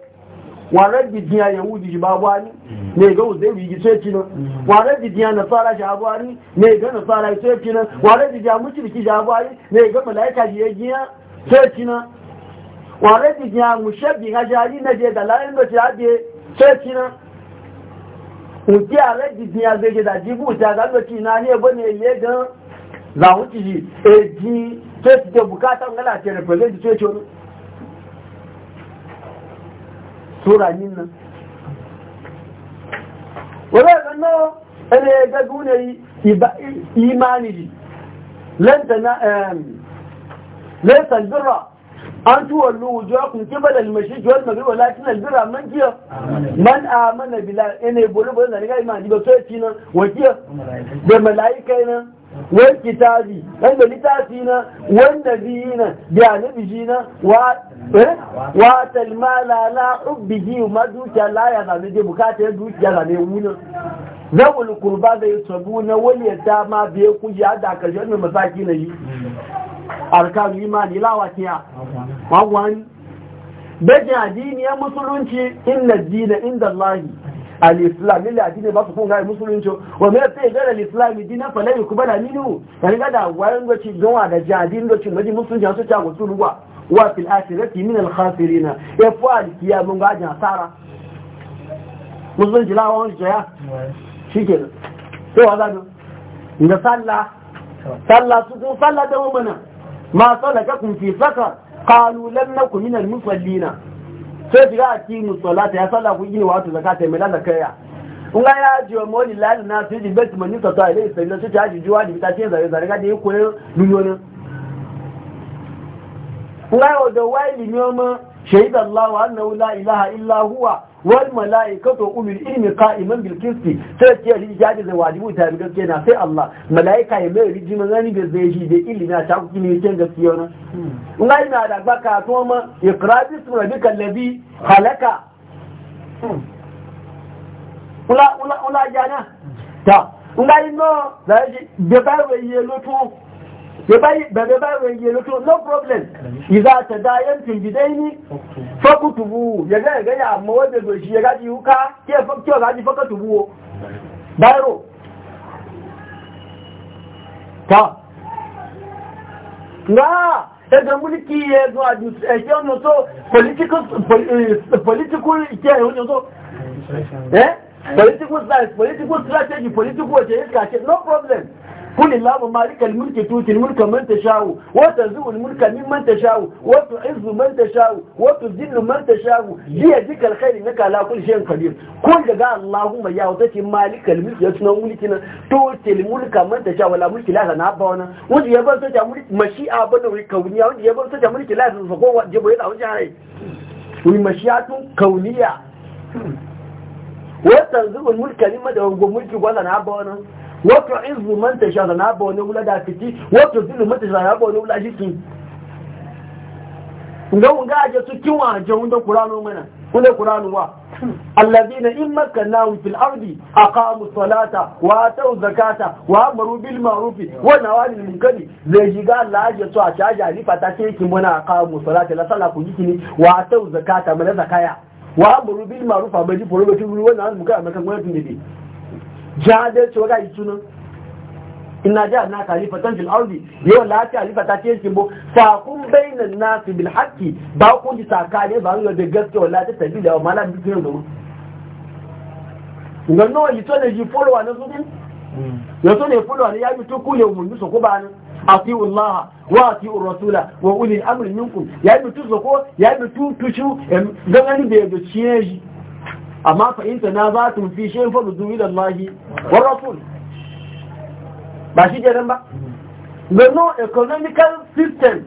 warar bidiya yahudi ji babu wani ne ga uzai wigi sai ci nan warar na fara ji babu wani ne ga fara sai ci nan warar bidiya mushriki ji babu wani ne ga malaika ji ya giya sai ci nan warar mushabbi ga jari na je da layin da ci abiye sai ci nan uti are bidiya zai je da jibu ta ga lokaci na ne bane ye ga za wuci ji eji sai ta bukata ngala ce represent sai ci sura nan wadda sannan ɗane ya ga imani lantan birra an tuwa lujo kun kiba da limashi juwar magriba latin man man da ni ga imani ba so ya nan wa da nan wal kitabi wanda litafi na wanda biyi na biya na biji na wa eh, talmala la ubbihi ma dukiya la ya zame je bukata ya dukiya zame wuna zawul kurba da yusabu na wani yadda ma biye kuji ya da karshe wannan masaki na yi arkan imani lawatiya wagwani bejin addini ya musulunci inna dina inda Allahi al-islam lil adini ba su kun ga musulunci wa me sai ga al-islam dinan fa lai kubana minu kan ga da wayan goci gawa da jadin goci maji musulunci su ta goci wa fil akhirati min al-khasirin ya fa al-qiyam ga jan sara musulunci wani jaya sallah sallah su kun sallah da kun fi sai shiga a kimu salata ya sallah ku gini wato zakata mai lalaka ya in ga ya jiwa mawani lalu na su ji bet mani sa tsaye da sai su ta ji da ta ce zare zare ga da ya koyi miliyonin in ga da wai شهد الله أنه لا إله إلا هو والملائكة وأولي العلم قائما بالقسط تأتي الإجابة واجب تابقة كنا في الله ملائكة يمير رجي مغاني بزيجي دي إلي نا شاوك كني يتنجا سيونا ما نادا بكا توما يقرأ باسم ربك الذي خلق ولا ولا ولا جانا تا نغاي ما لا يجي بباوي bẹ̀rẹ̀ bá rẹ̀ yẹ lókè no problem ìzá àtẹ̀dá ayẹ́ntì ìdídé ní fọ́kùtùbù yẹ̀gẹ́ ẹ̀gẹ́ yà mọ́ wọ́n sí ẹ̀gá ti húká kí ọ̀gá ti fọ́kùtùbù o báyìí ta náà ẹgbẹ̀ múlìkì ẹgbẹ̀ ẹ̀jẹ́ ọ̀nà tó political ìkẹ́ e, eh? political strategy e, e, no problem kuni lamu malikal mulki tutil mulka man tashau wa tazul mulka mimman tashau wa tu'izzu man tashau wa tuzillu man tashau bi yadikal khair innaka ala kulli shay'in qadir kun daga allahumma ya wace malikal mulki ya tuna mulki na tutil mulka man tashau wala mulki la sana ba wana wanda ya bar saja mulki mashi abun da kauniya wanda ya bar saja mulki la sana ko wa jibo yana wani jare wani mashiyatun kauniya wata zuwan mulka ne madawan gwamnati gwazana ba wana wato izu manta shi na ba wani wula da fiti wato zilu manta shi na ba wani wula shi sun ga mun aje su kin wa je mun da qur'anu mana kula kuranu wa alladhina in makkannahum fil ardi aqamu salata wa atu zakata wa amaru bil ma'ruf wa nahaw anil munkari zai shiga Allah ya su a caja ni fata sai kin a aqamu salata la sala ku yiki wa atu zakata mana zakaya wa amaru bil ma'ruf ba ji foro ba tun ruwan nan muka amma kan gwamnati ne jahadalci waga yi sunan ina ja na kalifatan fil ardi yau la ta ce yake bo fa bainan nas bil ba kun ji sakane ba yau da ta wa bi da mu ngano yi to ne na zubin ya to ne ya bi to kule mun so ko ba nan atiu allah wa atiu rasula wa uli amri minkum ya bi to so ya bi to tushu ganani ya amma fa in tanaza'tum fi shay'in faruddu zuwi da wa rasul ba shi kenan ba no economical system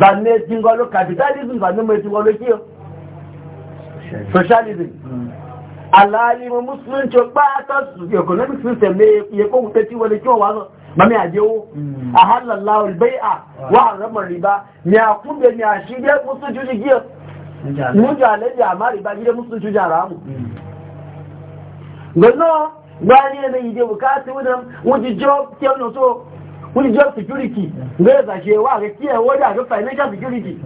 zanne jingolo capitalism zanne mai jingolo kiyo socialism alalimin musulunci ba ta economic system ne ya koguta ci wani kiwa wazo ba mai ajewo hmm. a halar lawal bai'a wa haramar riba ya kube ya shirya musu jirgiyar mújà lẹ́jẹ̀ riba gida musu su ṣújà ráàmù gbọ́nà gbáyé ne yi bukati ka ti job tẹ́lù tó wọ́n ti job security gbẹ́rẹ̀ ṣàṣẹ wà rẹ̀ kí ẹ̀wọ́ dà rẹ̀ financial security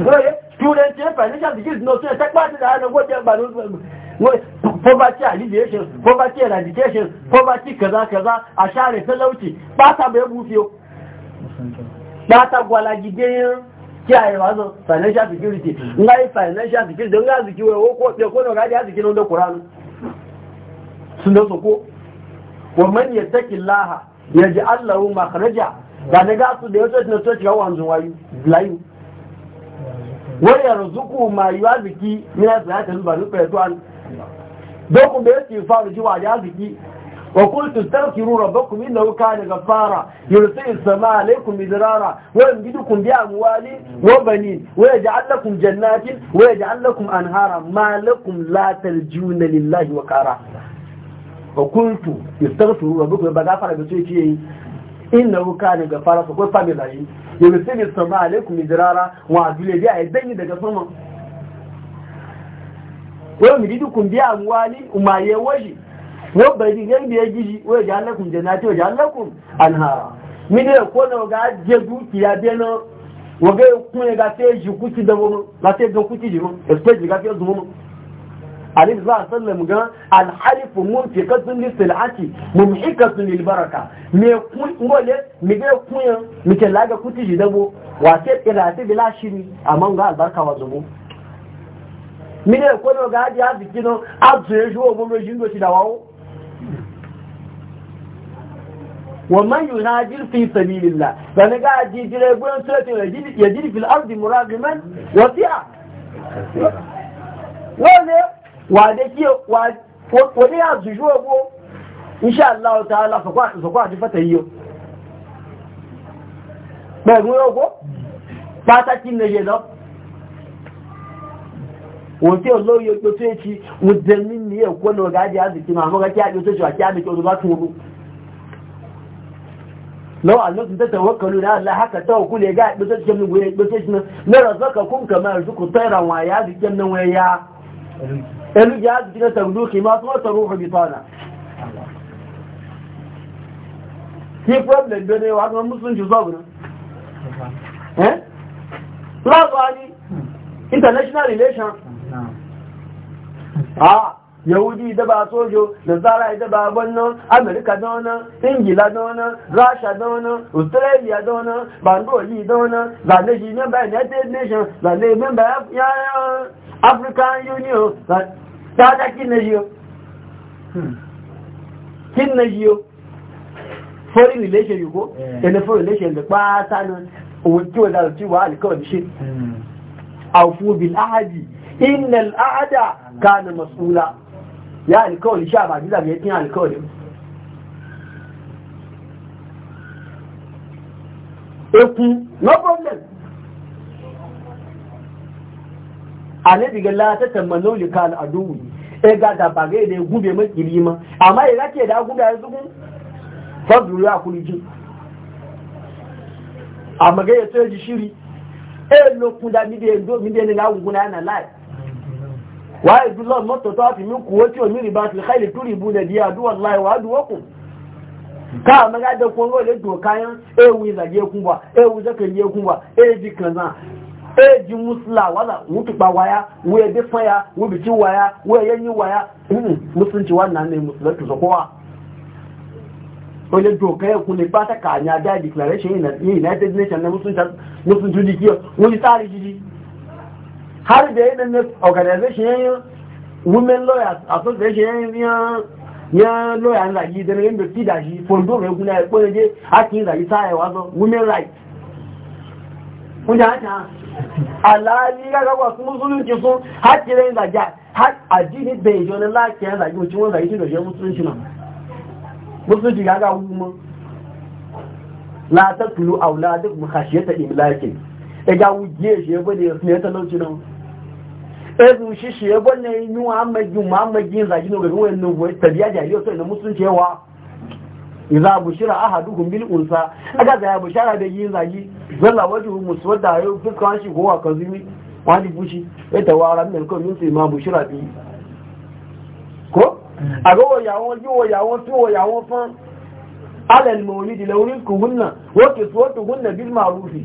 gbẹ́rẹ̀ hmm. student ṣe financial security náà tún ẹ̀tẹ́ pàtí láàrín ọgbọ́n jẹ́ gbàdúrà poverty alleviation poverty eradication poverty kaza kaza àṣà rẹ̀ fẹ́lẹ́ òtì pátá bai bú fi ó pátá gwalagidé kiyayewa zo financial security mm. nga yi financial security don gazi ziki yawo ko ɗaya ko ga ya zikin wanda kuranu sun da soko wa man ya taki laha ya ji allahu makaraja ba na gasu da ya soci na soci yawon hanzun wayu layu wani ya rizuku ma yi wa ziki mina su ya tafi ba nufa ya tuwa dokun da ya ce fa ji wa ya ziki وقلت استغفروا ربكم إنه كان غفارا يرسل السماء عليكم مدرارا ويمددكم بأموال وبنين ويجعل لكم جنات ويجعل لكم أنهارا ما لكم لا ترجون لله وكارا وقلت استغفروا ربكم بغفر بسيتي إنه كان غفارا فقل فبلاي يرسل السماء عليكم مدرارا وعدل بها يدني دقا ويمددكم بأموال وما يوجد wọ́n bẹ̀rẹ̀ ní ẹgbẹ̀ ẹgbẹ̀ wọ́n ìjà lẹ́kùn jẹ̀ náà tí ó jà lẹ́kùn mi ní ẹ̀kọ́ náà ga jẹ́ dúkìá bí ẹná wọ́n gẹ́ kún ẹga tí ó jù kúti dẹwọ́ mọ́ láti ẹgbẹ̀ kúti jù mọ́ ga fi za a sallam gan alhalifu mun fi silati mun fi ni baraka me kun ngole mi ge kun yan mi ke laga kuti ji dabo wa ke ila ti bila shiri amma ga albarka wa zubu mi ne ko no ga ji azu eju obo lo ti dawawo wa man yuhajir fi sabilillah bani ga jijire gwan suratin yajiri fil ardi muragiman wasi'a wale wa da ki wa ne ya zuju ogo insha Allah ta'ala fa kwa so kwa fata yiyo ba mu ogo pàtàkì nìyẹ ẹ̀kí wọ́n jẹ́ nínú ẹ̀kọ́ náà gáàdì àdìkí máa mọ́gá kí á jẹ́ tó ṣe wà kí a dìkí ọdún bá tún لو أن لكم تتوكلون على الله حكى توكل يا جاي بس كم نقول بس كم نرزقكم كما يرزق الطير ويا ذي كم نويا اللي جاء بنا تغدو خماس وتروح بطانة في problem بين واحد مسلم جزاؤنا ها إيه؟ لا غالي نعم. international relation نعم. اه yahudi da ba sojo da zara da ba wannan amerika da wannan ingila da wannan rasha da wannan australia da wannan bandoli da wannan zane shi member united nations zane member african union ta ta kin na jiyo hmm. kin na jiyo foreign relation yuko da eh. foreign relation da ba ta nan wuce wa zarci wa alkawar shi hmm. aufu bil ahadi innal k'a na mas'ula ya alkawali sha ba gida mai yin alkawali eku no problem anabi ga lata tamanu likal aduwi e ga da bare da gube makiri ma amma ya rake da gube ya zugun fadru ya kulji amma ga ya tsaye shiri e lokun da mi da ndo mi da ni ga gunguna na live wa ibullah mọ́tọ̀tọ́ àti mí kúwó tí omi rìbá ti káìlì tó rìbú lẹ̀ díẹ̀ àdúwà láì wà áduwọ́kù káà mẹ́gájẹ́ kún ó lè dùn káyán ewu ìlàjẹ́ ekun wà ewu zẹ́kẹ̀lẹ́ ekun wà èjì kànà èjì musula wàlà wọ́n ti pa wáyá wọ́n ẹ̀dẹ́ wa ya bìtí wáyá wọ́n ẹ̀yẹ́ ní wáyá musulun ti wà nánà musulun ti sọ́kọ́ wa ó lè dùn káyán kún lè bá tẹ́kà ní ajá declaration united nations na musulun ti wọ́n ti sáré jíjí har da yi ɗan organization women lawyers association ya lawyer ń ràyí ìdẹ́rẹ́ yẹn bẹ̀rẹ̀ fídà yìí fòndó rẹ̀ gúnlẹ̀ ẹ̀pọ̀ ẹ̀dẹ́ àti ìràyí sáyẹ̀ wá sọ women rights oúnjẹ àṣà aláàrí rárá fún mùsùlùmí fún hàtìrẹ́ ìràjá àdínì bẹ̀ ìjọ́ni láti ẹ̀ràyí ojú wọn ràyí tìlọ̀ na ezu shi shi ya gwanne yi muhammadu muhammadu zagi no garin wannan goyi tabiya da yau sai na musulunci yawa idza bushira ahaduhum bil unsa aga da bushara da yi zagi zalla musu muswadda yau fuskan shi gowa kazimi wani bushi ya tawara min kan yin sai ma bushira bi ko aga wo yawo yi wo yawo fi wo yawo fan alal mawlidi lawrin kuhunna wa kiswatuhunna bil ma'rufi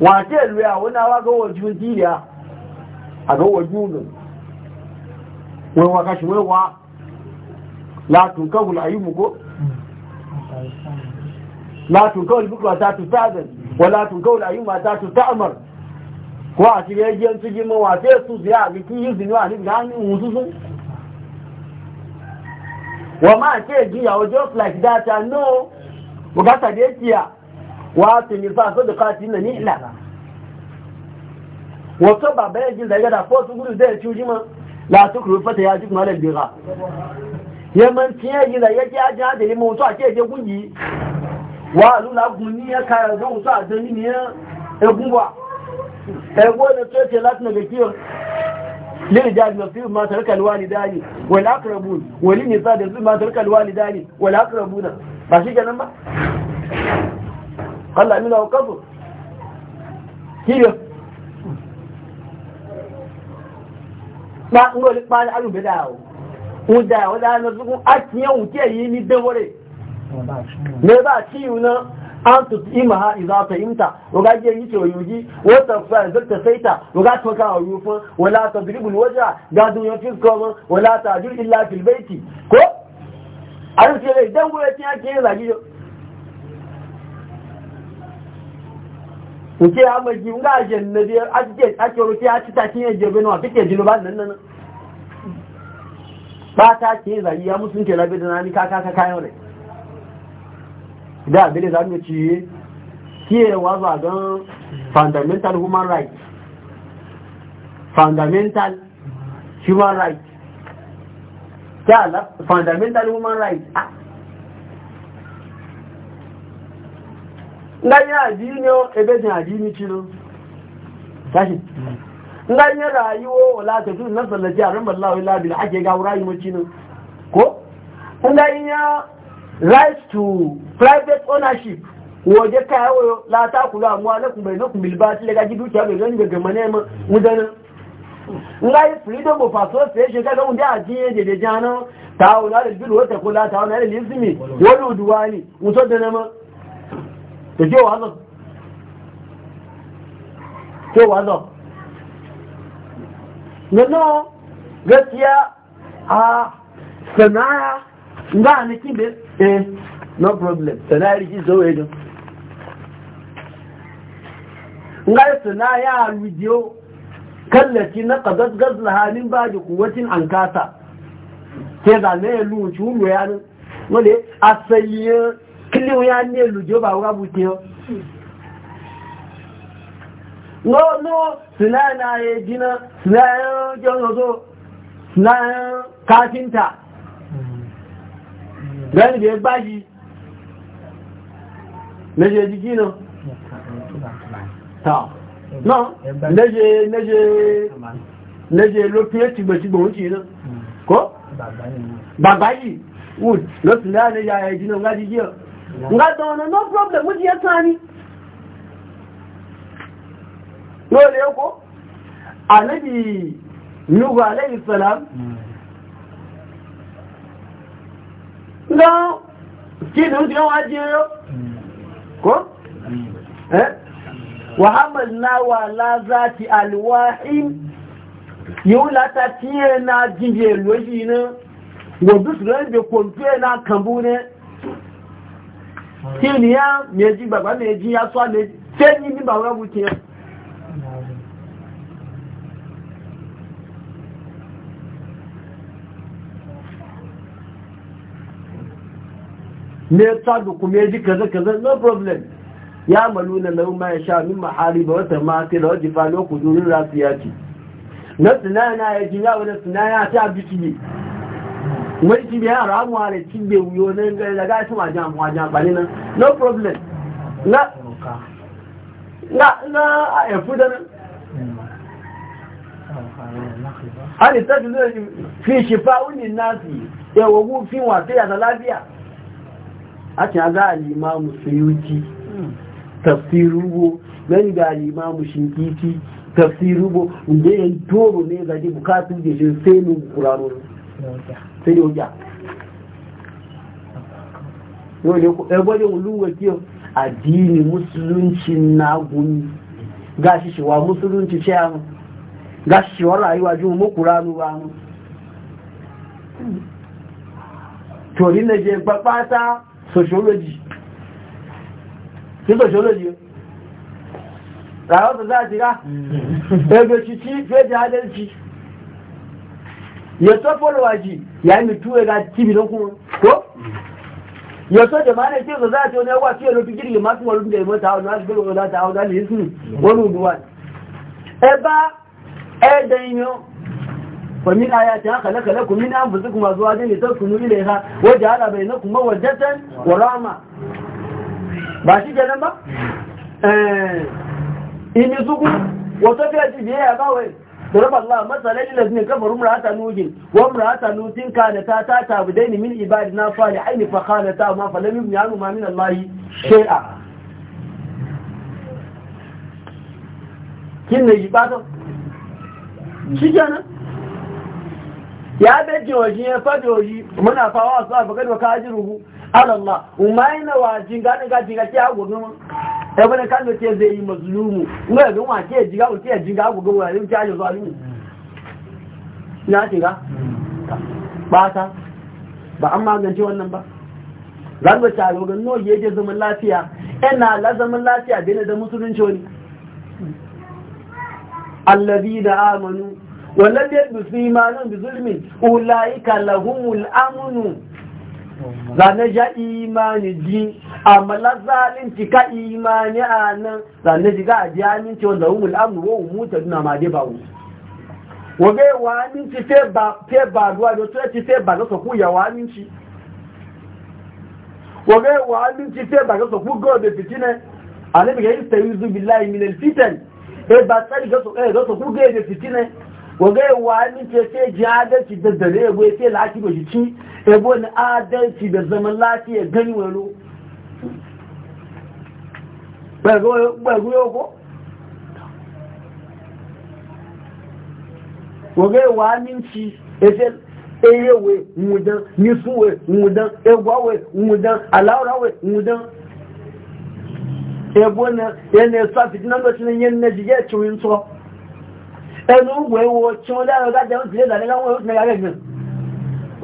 wace ruwa wunawa ga wajun diriya a ga wajun wai wa kashi wai wa latun kawul ayyubu ko latun kawul bukwa ta tu sadar wa latun kawul ayyubu ta tu ta'amar ko a cikin yajiyar wace su a wa ma ce jiya wata ni fa so da kati na ni ila wato ba bai jin da gada ko su gudu zai ciwo jima la su rufa ta ya ji kuma da biya ya man tiya ji da ya ji a jiya da limon su a ke je gungi wa a lula gungi ya kaya da su a zani ne ya egun ba ego na to ke latin da kiyo lil jadi na fiu ma tarkal walidani wal aqrabun wal nisa da zuma tarkal walidani wal aqrabuna ba shi ganin ba kala mina wa kafin kiyo ba n wọle pa alùgbé dáa o ń da àwọn dáa lọ sókún a ti yẹn òun tí ẹ̀ e yìí ní dẹ́wọ́rẹ̀ lẹ́bàá tí ìhun an tu ima ha iza ta imta waga je yi to yuji wata fa zakta saita waga to ka yufin wala tadribul wajha ga dun ya fisko wala tajur illa fil baiti ko an sai dan gure ti ake zagi nke ya maji nga aje nnabi ake ake rufe ya cita kin yaje bin wa kike jinu ba nan nan ba ta ke zai ya musun ke labe da nani kaka ka ka kayo ne da bele za mu ci kiye wazo a gan fundamental human right fundamental human right ta fundamental human right ah, ngayin adini o ebejin adini kino tashi ngayin rayuwa wala ta tun na sallaci a ramar lawi labil ake gawo rayuwa kino ko ngayin ya right to private ownership waje kawo la ta kula amma na kuma na kuma bilbati daga ji dukiya bai gani daga mane ma mudana ngayin freedom of association kaga wanda adini je da jana ta'awuna da bil wata kula ta'awuna da lizmi wal udwani mutadda na ma da ke wa ke wazo gano gaskiya a sana'a ga ni kibe eh no problem sana'a riki zo ejo ngai sana'a video kallaki na kadas gazla halin baji kuwatin an kasa ke da ne lu chu lu ya ne wale asayin kílé wọn yá ní èlùjọba wábù tí ó lọ́lọ́ síláàrín ààrẹ jíná síláàrín jọ́nàtó síláàrín káàkíntà lẹ́yìn bí ẹgbá yìí lẹ́yìn jíjí náà náà lẹ́yìn ló pí ẹ́ tìgbẹ̀tìgbẹ̀ oúnjẹ kó bàbá yìí wood lọ́sílẹ̀ ààrẹ jíná ńgá nga da no problem wuce ya tsani dole ya ko alibi nuhu alayhi salam nga ki da wuce yawa ajiye yau ko eh wa hamalna wa la zati alwahin yóò Yiwu tí na náà jíjẹ̀ lóyìn náà wọ̀dúsùn lẹ́gbẹ̀ẹ́ da ń na ẹ̀ náà kàmbú kí ni yá méjì bàbá méjì yá tó àméjì tí ní bí bàbá wù kí yán ne ta duku meji kaza kaza no problem ya maluna lau ma ya sha min mahariba wata mafi da wajifa lokacin rafiyaki na sinaya ya jiya wani sinaya ta biki wai ki biya ramu a da cibbe wuyo na gari da gashi wajen wajen amfani nan no problem na na na a da nan hali ta tuni da fi shifa wuni nasi fi wasu ya lafiya a a limamu suyuti tafsirugo nan ga limamu shinkiti tafsirugo inda yin toro ne sai da hujja yau ne ku ɗaya kiyo addini musulunci na gumi gashi shiwa musulunci ce ya gashi shiwa rayuwa ji mu kuranu ba mu torí je gbapata sociology sí sociology ràwọ́ tó sáà ti rá ẹgbẹ̀ ya so waji ya yi mutu ya ga kibi don kuma ko ya so jama'a ne ce za a ce wani yawa ce lotu girgi masu wani da ya mata hau na shigar wani ta hau na da yesu wani uduwa e ba e da yinyo wa min ayati haka laka lakum min anfusikum azwajan litaskunu ilayha wa ja'ala bainakum mawaddatan wa rahma ba shi kenan ba eh in yusuku wa safiya ji ya ba wai ضرب الله مثلا للذين كفروا امرأة نوح وامرأة لوط كانتا تعبدين من عبادنا صالحين فخانتاهما فلم يغن من الله شيئا kin ne jibata shi kenan ya beje waje ya fado waje muna fawa su a bakar wa kajiruhu alallah umma yana wajin a gudunan ɗaya da kan ke zai yi mazlumu ga ga wa ke jiga ko ke jiga ko ga wani ta yi zalimi na shiga ba ta ba an magance wannan ba za mu ta ga no yake zaman lafiya ina la zaman lafiya bin da musulunci wani alladhina amanu walladhi yuslimu bi zulmin ulaika lahumul Amanu. zane ja imani ji amma la zalunci ka imani a nan zane ji ga aji aminci wanda umul amru wa umuta duna ma ba wu wage wa aminci fe ba fe ba duwa da to ci fe ba ga ku ya wa aminci wage wa aminci fe ba ga ku go da fitine annabi ga zubi layi min fitan, e ba tsari ga so e ga so ku ga fitine waga wani ce ce sai ji adalci da dare ego ce laki ba shi ci ego ni adalci da zaman ya gani wani gbẹ̀gbẹ̀ ogó waga wa ni ci nisu eyewe mudan, nisuwe nwudan mudan, nwudan alaurawe mudan? ebo na yana ya sa fitina lokacin yin na jige ciwin tsohon ẹnu wọ ewo tí wọ́n dára gájẹ́ ó ti lé ìdàdé láwọn oṣù mẹ́gàgẹ́ gbìn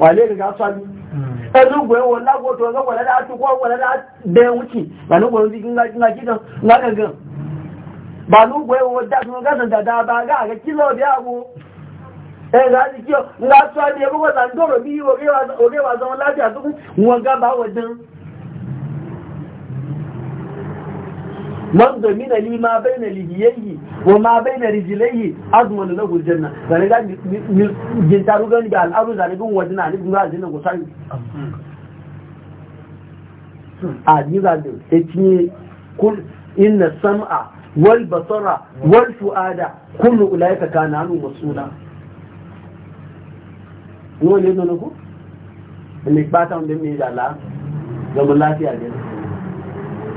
wà lè rìnrìn aṣọ́jú hmm. ẹnu wọ ewo lágbótó ọgọ́gbọ̀ lẹ́dá àtúkọ́ ọgbọ̀ lẹ́dá bẹ̀rún kì bànúgbọ̀ orí gígangígan bànúgbọ̀ ewo dákùnrin man domina li ma bai na lihiyayi wa ma bai na rijilayi azuman na hujjanna zane ga jinta rugan ga al'adu zane gun wajen na nufin ga gusa yi a jiza da e ya kun inna sam'a wal basara wal fu'ada kullu ulaika kana nu masuna wọ́n lè nọ́nà kú? ilẹ̀ ìpátá ọmọdé mi ìdàlá gọmọ láti àjẹ́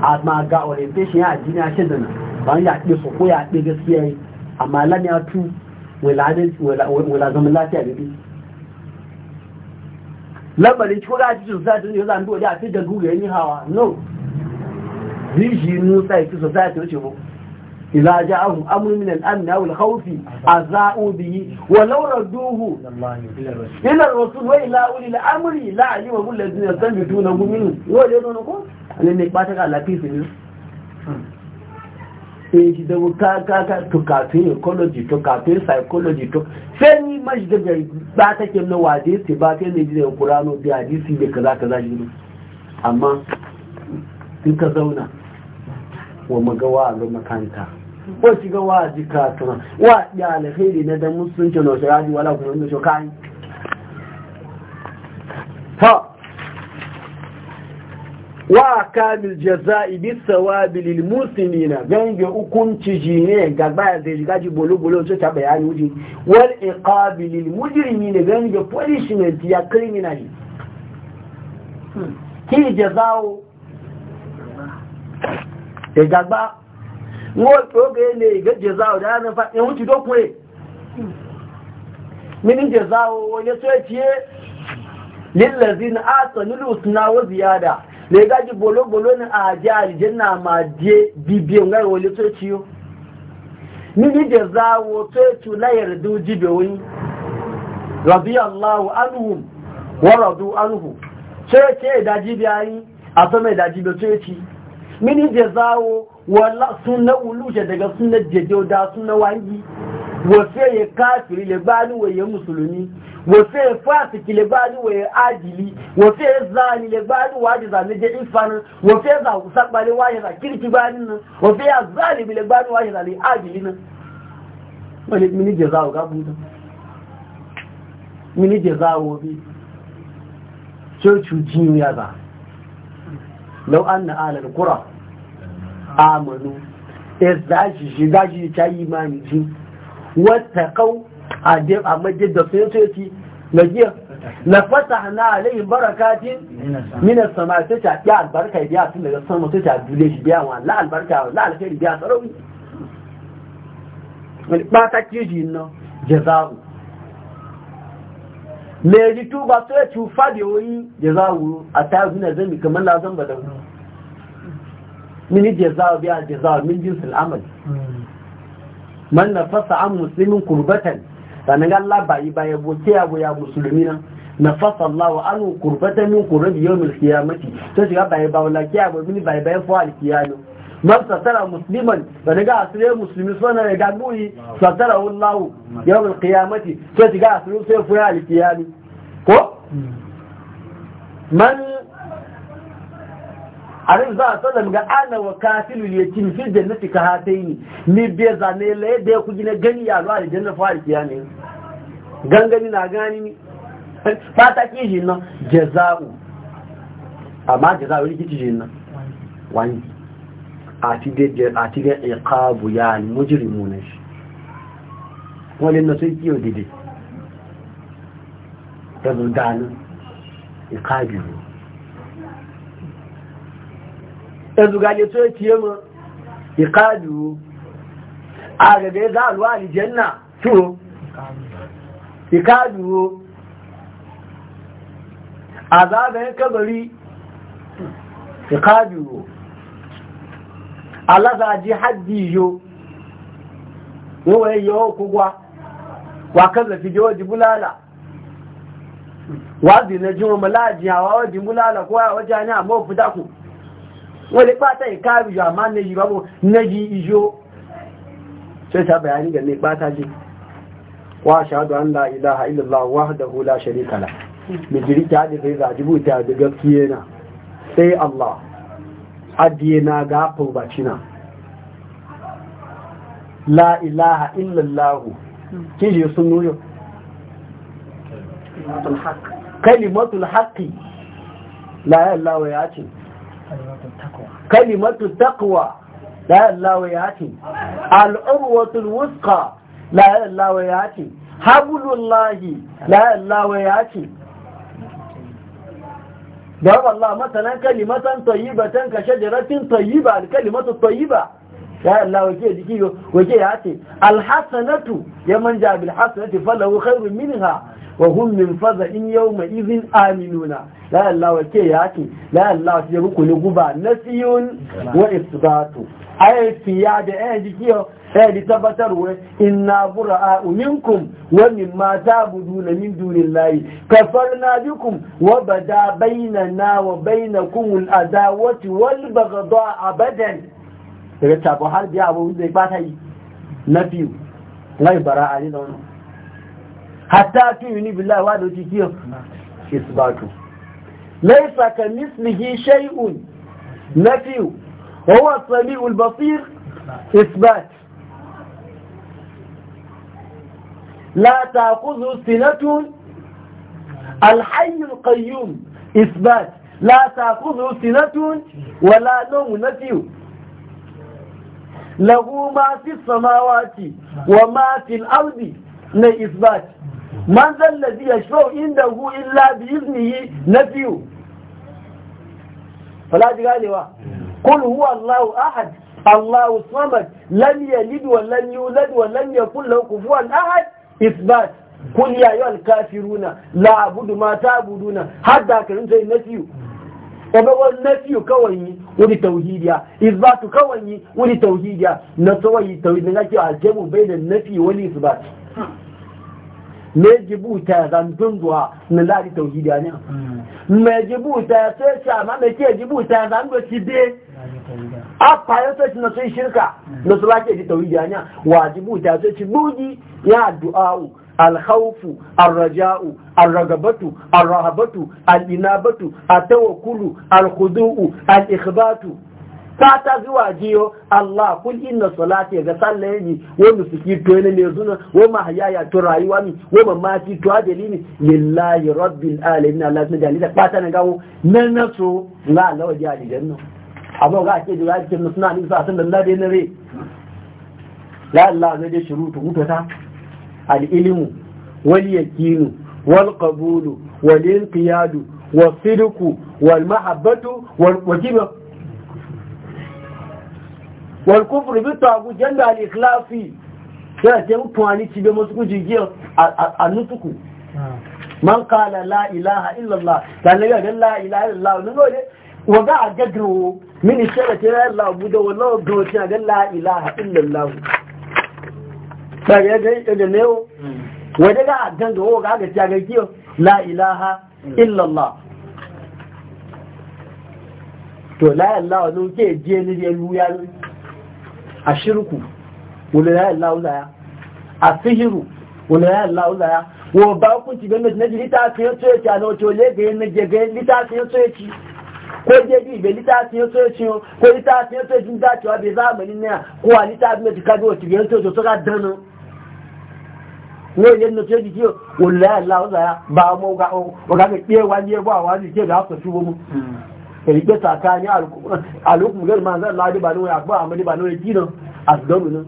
amma ga orientation ya addini a ce dana ba ya ɗi su ko ya ɗi gaskiya yi amma lan ya tu wala zaman lafiya da bi labarin ko kuɗa ci society ne zan dole a fi da gugu ya ni hawa no zishi nusa ya ci society wuce mu إذا جاءهم أمر من الأمن أو الخوف أذاؤوا به ولو ردوه إلى الرسول وإلى أولي الأمر لا علمهم الذين يستنبتونه منه يولدونكم ne ne bata ga lafisi ne E ji da wuka ka to kafe ecology to kafe psychology to sai ni mashi da bai ba ta ke na waje sai ba ta ne jiya kurano da hadisi da kaza kaza shi ne amma in ka zauna wa magawa a makanta ko shi ga waje ka tuna wa ya alheri na da musulunci na wasu yaji wala kuma inda shi kayan ha wa kamil jaza'i bi sawabi lil muslimina gange hukunci jine gaba da gaji bolo bolo so ta bayani uji wal iqab lil mujrimina gange punishment ya criminal ki jazao e gaba ngo to ge ne ga jazao da na fa en wuci dokwe min jazao wani so ciye lil ladina atanu al husna wa ziyada na ne gaji bolo-bolo ni aji aljanna ma die bibiyan gara wale to ciyo nini da zawo to ci la yardu jibe wani Allah anhum wa radu anhu to ce da jibe ayi a to mai da jibe to ci nini da zawo wala sunna uluja daga sunna jejo da sunna wangi wafe ya kafiri lebani waye musulmi wafe ya fasiki lebani waye adili wafe ya zani lebani waje zane je ifanin wafe ya zaku sakbali waje za kirki banin nan wafe ya zalibi lebani waje zane adili nan wani mini je zawo ga buda mini je zawo bi cocu jiyu ya za lau an na alar kura amanu ya zaji shi zaji ta yi mani jiyu wattaqau a majid da sun soci na giya na fatahna alaihim barakatin Minas as-sama'i ta ta ya albarka biya tun daga sama ta ta dule shi biya wa la albarka la alkhairi biya sarawi wani ba ta kiji no jazaa'u me ji tu ba sai tu fa da wani jazaa'u a ta zuna zami kamar la zamba da mini jazaa'u biya jazaa'u min jinsul amali man na fasa an musulmin kurbatan sannan ga Allah bayi baya boke ya goya musulmi na nafasa Allah an kurbatan min kurbi yawmil qiyamati to shiga ba bayi ba wala kiya go min bayi bayi fa alkiyano man sassara satara musliman sannan ga asire musulmi sona ne ga goyi satara Allah yawmil qiyamati to shiga asire sai fa alkiyano ko hmm. man arin za a sallam ga ana wa kafilu ya kin fil jannati ka hataini ni be zane la yadda ku gina gani ya zuwa na fa alkiya ne gangani na gani ni fata (laughs) ki shi nan jaza'u amma jaza'u rikici shi nan wani a ti da a ti da iqabu ya al mujrimuna shi wani na sun kiyo dide da zudanu iqabu yanzu gaje to yake yi mun iqalu a gaga za a ruwa aljanna to iqalu azaban kabari iqalu Allah za ji haddi yo wawaye yawo kugwa wa kaza fi jiwa jibulala wa dina jiwa malaji hawa wa jibulala kowa wajen ya mawa fita ku wọ́n lè pàtà yọ àmá nẹ́jì bábọ̀ nẹ́jì ijó ṣẹ́ta bayani ga ní pàtà jí wá ṣàádọ́ an la illallah wahdahu la sharika mijiri ta da sai zajibu ta da gaskiye sai Allah adiye na ga fulbacina kalimatu taqwa la ilaha ya ce al'urwatul wusqa la ilaha ya ce habulullahi la ilaha ya ce da Allah matsalan kalimatan tayyibatan ka shajaratin tayyiba kalimatu tayyiba ya Allah wace jiki wace ya ce alhasanatu ya manja bil hasanati falahu khairun minha wa hum min in yawma idhin aminuna la Allah wa ke yaki la Allah ya ruku guba nasiyun wa isbatu ay fiya da ay jikiyo ay di tabbatarwa inna bura'a minkum wa mimma ta'buduna min Kafar kafarna bikum wa bada bainana wa bainakum al-adawati wal baghdha abadan daga tabo har biya abu zai ba ta yi na biyu lai bara'a ne da wannan حتى تؤمن بالله وهذا تكير إثباته ليس كمثله شيء نفي هو الصميع البصير إثبات لا تأخذه سنة الحي القيوم إثبات لا تأخذه سنة ولا نوم نفي له ما في السماوات وما في الأرض لإثباته نعم، man zan lazi ya shiro inda hu illa bi iznihi na biyu fala ji ganewa kul huwa allahu ahad allahu samad lam yalid wa lam yulad wa lam yakul lahu kufuwan ahad isbat kun ya alkafiruna kafiruna la abudu ma ta'buduna hadda karin sai na biyu kaga wani nafiyu kawai yi wani tauhidiya isbatu kawai yi wani tauhidiya na tsawai tauhidin ake aljabu bai da nafi wani isbatu mejibuta zandundwa na lari tauhidi ne mejibuta sai sha ma me ke jibuta zando cibe a fayo sai na sai shirka na su lake ji tauhidi ne wajibuta sai ci bugi ya du'a'u alkhawfu arraja'u arragabatu arrahabatu alinabatu atawakulu alkhudu'u alikhbatu fata zuwa jiyo Allah kun inna salati ga sallaye ni wa musiki to ne ne zuna wa hayaya to rayuwa mi wa mamati to adeli ni lillahi rabbil alamin Allah na jalila fata na gawo nan na so la Allah wa jali jannu amma ga ake da yake musna ni sa san Allah ne re la Allah ne da shurutu mutata al ilmu wal yaqinu wal qabulu wal inqiyadu mahabbatu, wal wajiba. wal kufru bi tagu janda al ikhlasi sai ce mutum ani ci be musu kuji giya a nutuku ah. man qala la ilaha illallah, allah dan ne ga la ilaha illallah, allah ne gode wa ga gadro min sharati la allah bu da wallahi do ci ga la ilaha illa allah sai ga ga da ne wa da ga ganga wa ga ga ga hmm. giya la ilaha illallah. Hmm. to la ilaha illallah, no ke je ni ya luya ashirku wala ya Allah wala ya asihiru wala ya Allah ya wo ba ku ci ganin na lita sai so ya ta to le ga na je ga lita sai so ya ci ko je bi be lita sai so ya ci ko lita sai ya da ta be zamanin ne ko lita bi ta kago ti ga to to ga dano ne yen no teji ki wala ya ya ba mu ga o ga ke wa je ba wa ni ke ga so su mu rike tsakani alhukum gar ma zan ladi ba ne wai akbar amma ba ne wai gidan asdamu ne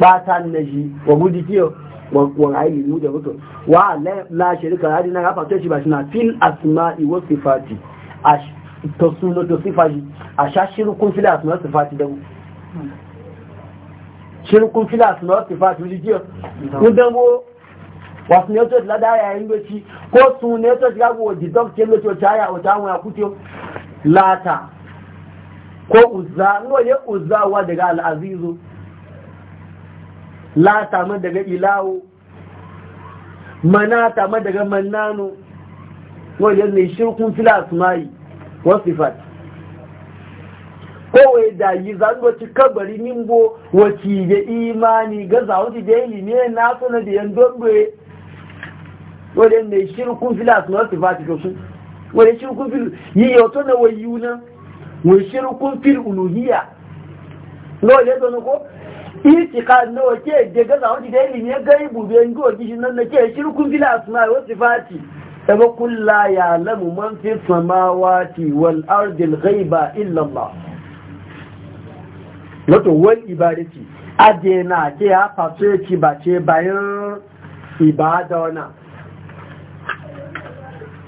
batan na shi wa gudi kiyo wa ayi mu da mutu wa la shirika hadi na gafa to shi ba shina fil asma'i wa sifati ash to suno to sifati asha shirkun fil asma'i sifati da mu shirkun fil asma'i sifati wudi kiyo kun damo wasu ne to lada yayin doci ko su ne to ga go deduct ce lo ta ya o ta mu ya kuto lata ko uzza ngo ne uzza wa daga al-azizu lata ma daga ilawo manata ma daga mannanu ya ne shirkun fil asma'i wa sifat kowai da yi zango ci kabari nimbo wace da imani ga zawon da ilimi na suna da yan dogbe waɗanda ya shirkun fila su masu fati da su waɗanda shirkun fil yi yato na wayu na wa shirkun fil uluhiyya na wajen zanu ko itika na wace da gaza wani da ilimi ya gari buɗe yin gowa gishin nan na ke shirkun fila su masu wasu fati ɗaba kulla ya lamu man fi samawati wal ardil ghaiba illallah wato wal ibadati aje na ke a fato ya ci bace bayan ibada wana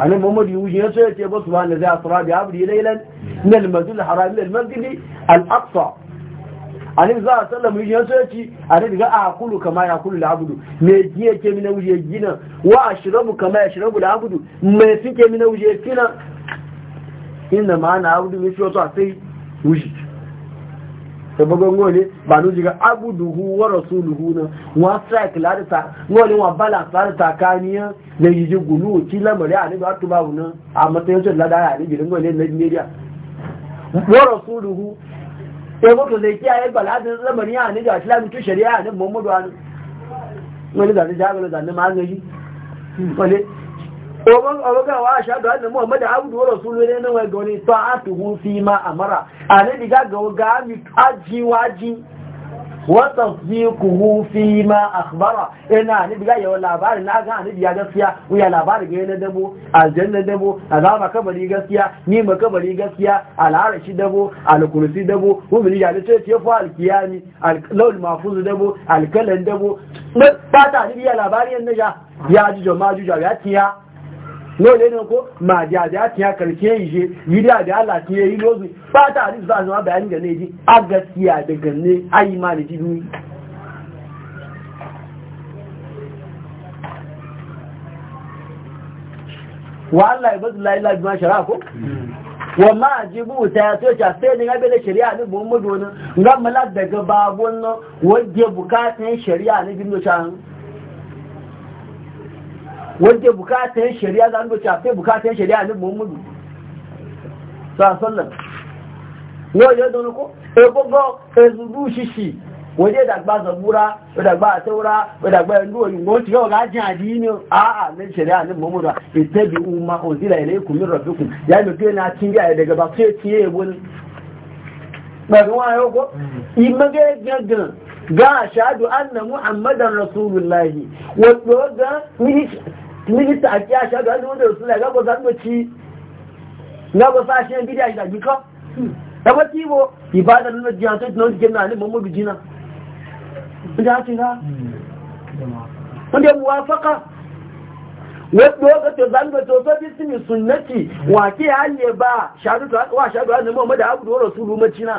انا محمد يوجي نفسه يتبع سبحان الذي أسرى بعبده ليلا من المسجد الحرام إلى المسجد الأقصى انا زي صلى الله يوجي نفسه يتي أنا أقول كما يقول العبد ما يجي من وجه يجينا وأشرب كما يشرب العبد ما يفك من وجه يفكنا إنما أنا عبد مثل وطعتي وجه da bugan gole ba nu jiga abuduhu wa rasuluhu na wa strike la ta ngole wa balance la ta kaniya da yiji gulu ti lamari ani ba tu ba wuna a matayin ce la da ya ni bi ngole na media wa rasuluhu e moto le ki ayi balance lamari ani da islam tu sharia ani muhammadu ani ngole da ni jaga da ni ma ngayi ngole Wa magana wa ma ashe a don a yanzu na mu a ma da abudu a a yana tugu mu fima a ma raAni da ka gauna a wa a jiWa sasin kugu fi ma a habaraAni da ka yi wa labari na gan a ni da ya gasiyaWu yi wa labari gaya ga ya na daboAzana dabo,a labaru ga ya gasiya,nima ga ya gasiya,aliharashi dabo,alukurusi dabo,wun milijanen tse fo alikiyaNi,lawuli mafunzo dabo,alikalan dabo.Mutu a ni bi yi wa labari yana ya biya adidu a ma adidu a ya tia. lóòlé ní kó máa di àdé àti àkàrìkẹ́ ìṣe yìí àdé àlàtí èyí lóòzù pátá àdíṣà àwọn àbáyá nìgbà ní èdè agasi àgbẹ̀gàn ní ayímá lè dìdú wàhálà ìbọ́dùlá ṣàrá kó wa ma ya tocha sai ni da shari'a ni bu daga babun no wajje shari'a ni bin wanda bukatan shari'a za mu ta sai bukatan shari'a ne Muhammadu sallallahu alaihi wasallam yo don ko e gogo e zubu shishi waje da gba zabura da gba taura da gba ndu yi mo ti ga jin adini a a ne shari'a ne Muhammadu itabi umma unzila ilaykum min rabbikum ya mi ke na tinga ya daga ba sai tiye wani bari wa yo ko mm-hmm. image gagan ga ashadu anna muhammadan rasulullahi wato ga minista àti aṣọ́gbà ní oúnjẹ òsìnlẹ̀ ẹgbẹ́gbọ́ sáàgbò tí lọ́gbọ́ sáàṣẹ́ ìbílẹ̀ àṣàgbìkọ́ ẹgbẹ́ tí wo ìbádà nínú jíyàn tó ti náà ti jẹ́ náà ní mọ́mọ́bì jíná oúnjẹ mú afọ́ká wọ́n pé ó kẹ́tẹ̀ sáàgbò tó tó bí sínú sùnnẹ́tì wọ́n àti àyè bá na?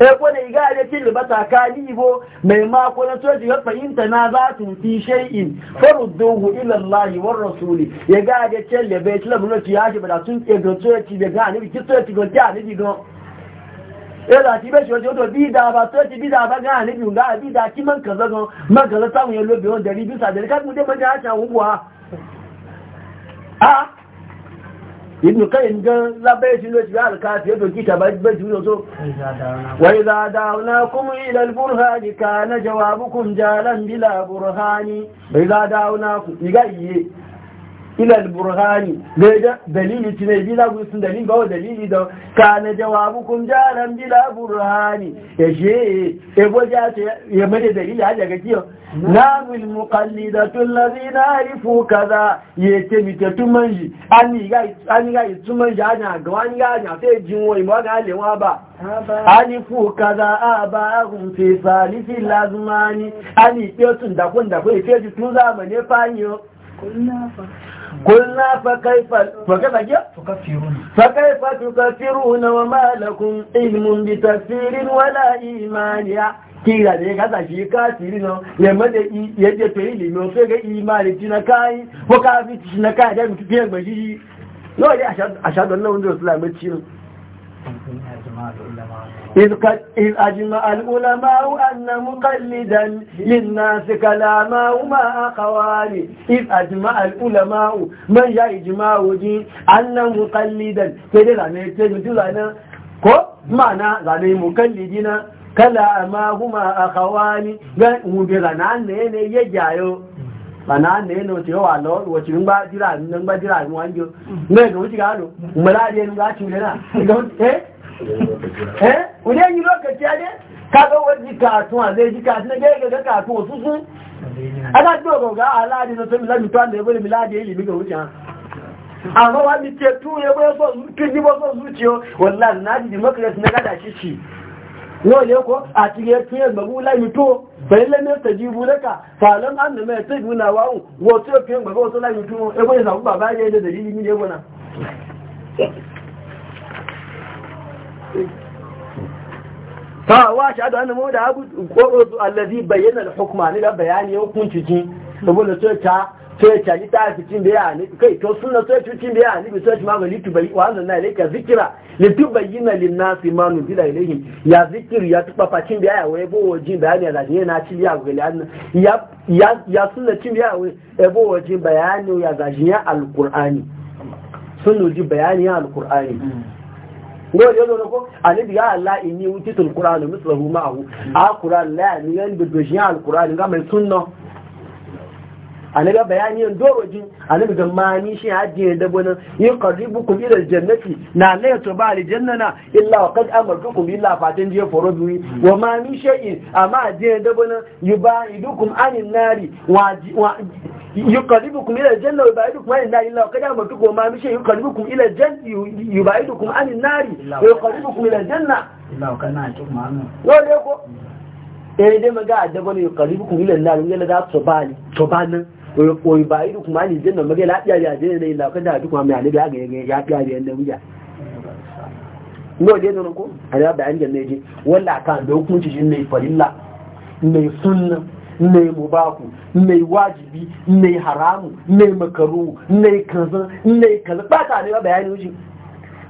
Eh, ko da iga ya ci libata kali bo mai mako na soji ya fahimta na za su fi shay'in faru ila Allah wa rasuli ya ga ya ce le bai tilabu na ci yaji bada sun ke ga soji da ga ni ki soji ga ta ni go ya da ti be shi bi da ba soji bi da ba ga ni bi ga bi da ki man kaza go man kaza samu ya lobe on dari bisa da ka mu dai man ja ta wuwa ah! ibn kayin gan labai shi ne shiga alkafi yadda kita ba ba shi ne so wa idza kum ila al-burhan kana jawabukum jalan bila burhani wa idza da'awnakum iga iye ilal burhani ga dalili tine bila gusun dalili ba dalili da kana jawabukum jaran bila burhani yaje ya boja ta ya made dalili haja ga kiyo namul muqallidatu allazina arifu kaza yete tun manji an ani ga ani ga tumanji ana ga wani ga ana sai jinwo imwa ga lewa ba alifu kaza abahum fi lazumani. an ani pio tun da kun da kun tun tu zamane fanyo قلنا فكيف فكيف تكفرون فكيف تكفرون وما لكم علم بتكفير ولا إيمان kira da ya gasa shi kafiri nan yamma da yadda to yi limo sai ga imani ci na kai ko kafi ci na kai da mutu fiye gbashi shi yau dai a wanda wasu lamar إذ أجمع العلماء أن مقلدا للناس كلامه ما أقوالي إذ أجمع العلماء من يجمع دين أن مقلدا كده لا نتجد ko mana zane mukallidina kala ma huma akhawani ga ube zana ne ne ye jayo bana ne no ti wa lo wo ti ngba jira ngba jira wanjo me do ti ga lo mala ye ngba ti le na don eh eh wani yi lokaci ya ne ka ga wajen kasuwa a zai ji kasuwa ga ga kasuwa su sun ana dogo ga aladi na sun lami tuwa da ya bari miladi ya yi ilimi ga wuce ha? amma wani ce tu ya bari so kinji ba so zuciyo wallahi na ji democracy na gada shi shi yau ne ko a cikin tuyar mabu lami to bai lamme ta jibu daga falon an da mai tabi na wa'u wasu yau fiye mabu wasu lami to ya e bari samu baba ya yi da dalilin ne ya gona ta wa shi adu annan mawada abu koro allazi bayyana da hukuma ni da bayani ya hukunci ci saboda sai ta sai ta yi ta cikin da ni kai to sunna sai cin biya ya ni bi sai ma gali tu bayi wa na ilayka zikira li tu bayyana lin nasi ma nu bila ilayhim ya zikir ya tu papa cin biya ya wai bo wajin bayani da ne na ci ya gali an ya ya sunna cin biya ya wai e bo wajin bayani ya zajiya alqur'ani sunnu ji bayani gori yanzu ko alif ya Allah inni yi tul qur'anu mislahu ma'ahu a qur'an la ni yan bidu shi al qur'an ga mai sunna annabi bayani yan doro annabi ga mani shi haji yin bonan yuqarribukum da jannati na la yatuba jannana illa wa qad kuma illa fatan jiya biyu. wa ma min shay'in amma je da bonan yubaidukum anin nari wa yuqarribukum ila aljanna wa anin nari illa wa qad wa ma min ila aljanna anin nari wa yuqarribukum ila janna illa wa qad amartukum anin nari eh, dai maga da bonan ila aljanna yalla da koyi ba idu kuma ni jinna mage lafiya ya je ne la ka kada duk ma mai ga ga ya fiya da yanda wuya no je don ko ala da an janne je walla kan da hukunci jinna farilla ne sunna ne mubaku ne wajibi ne haramu ne makaru ne kaza ne kaza ba ta ne bayani wuce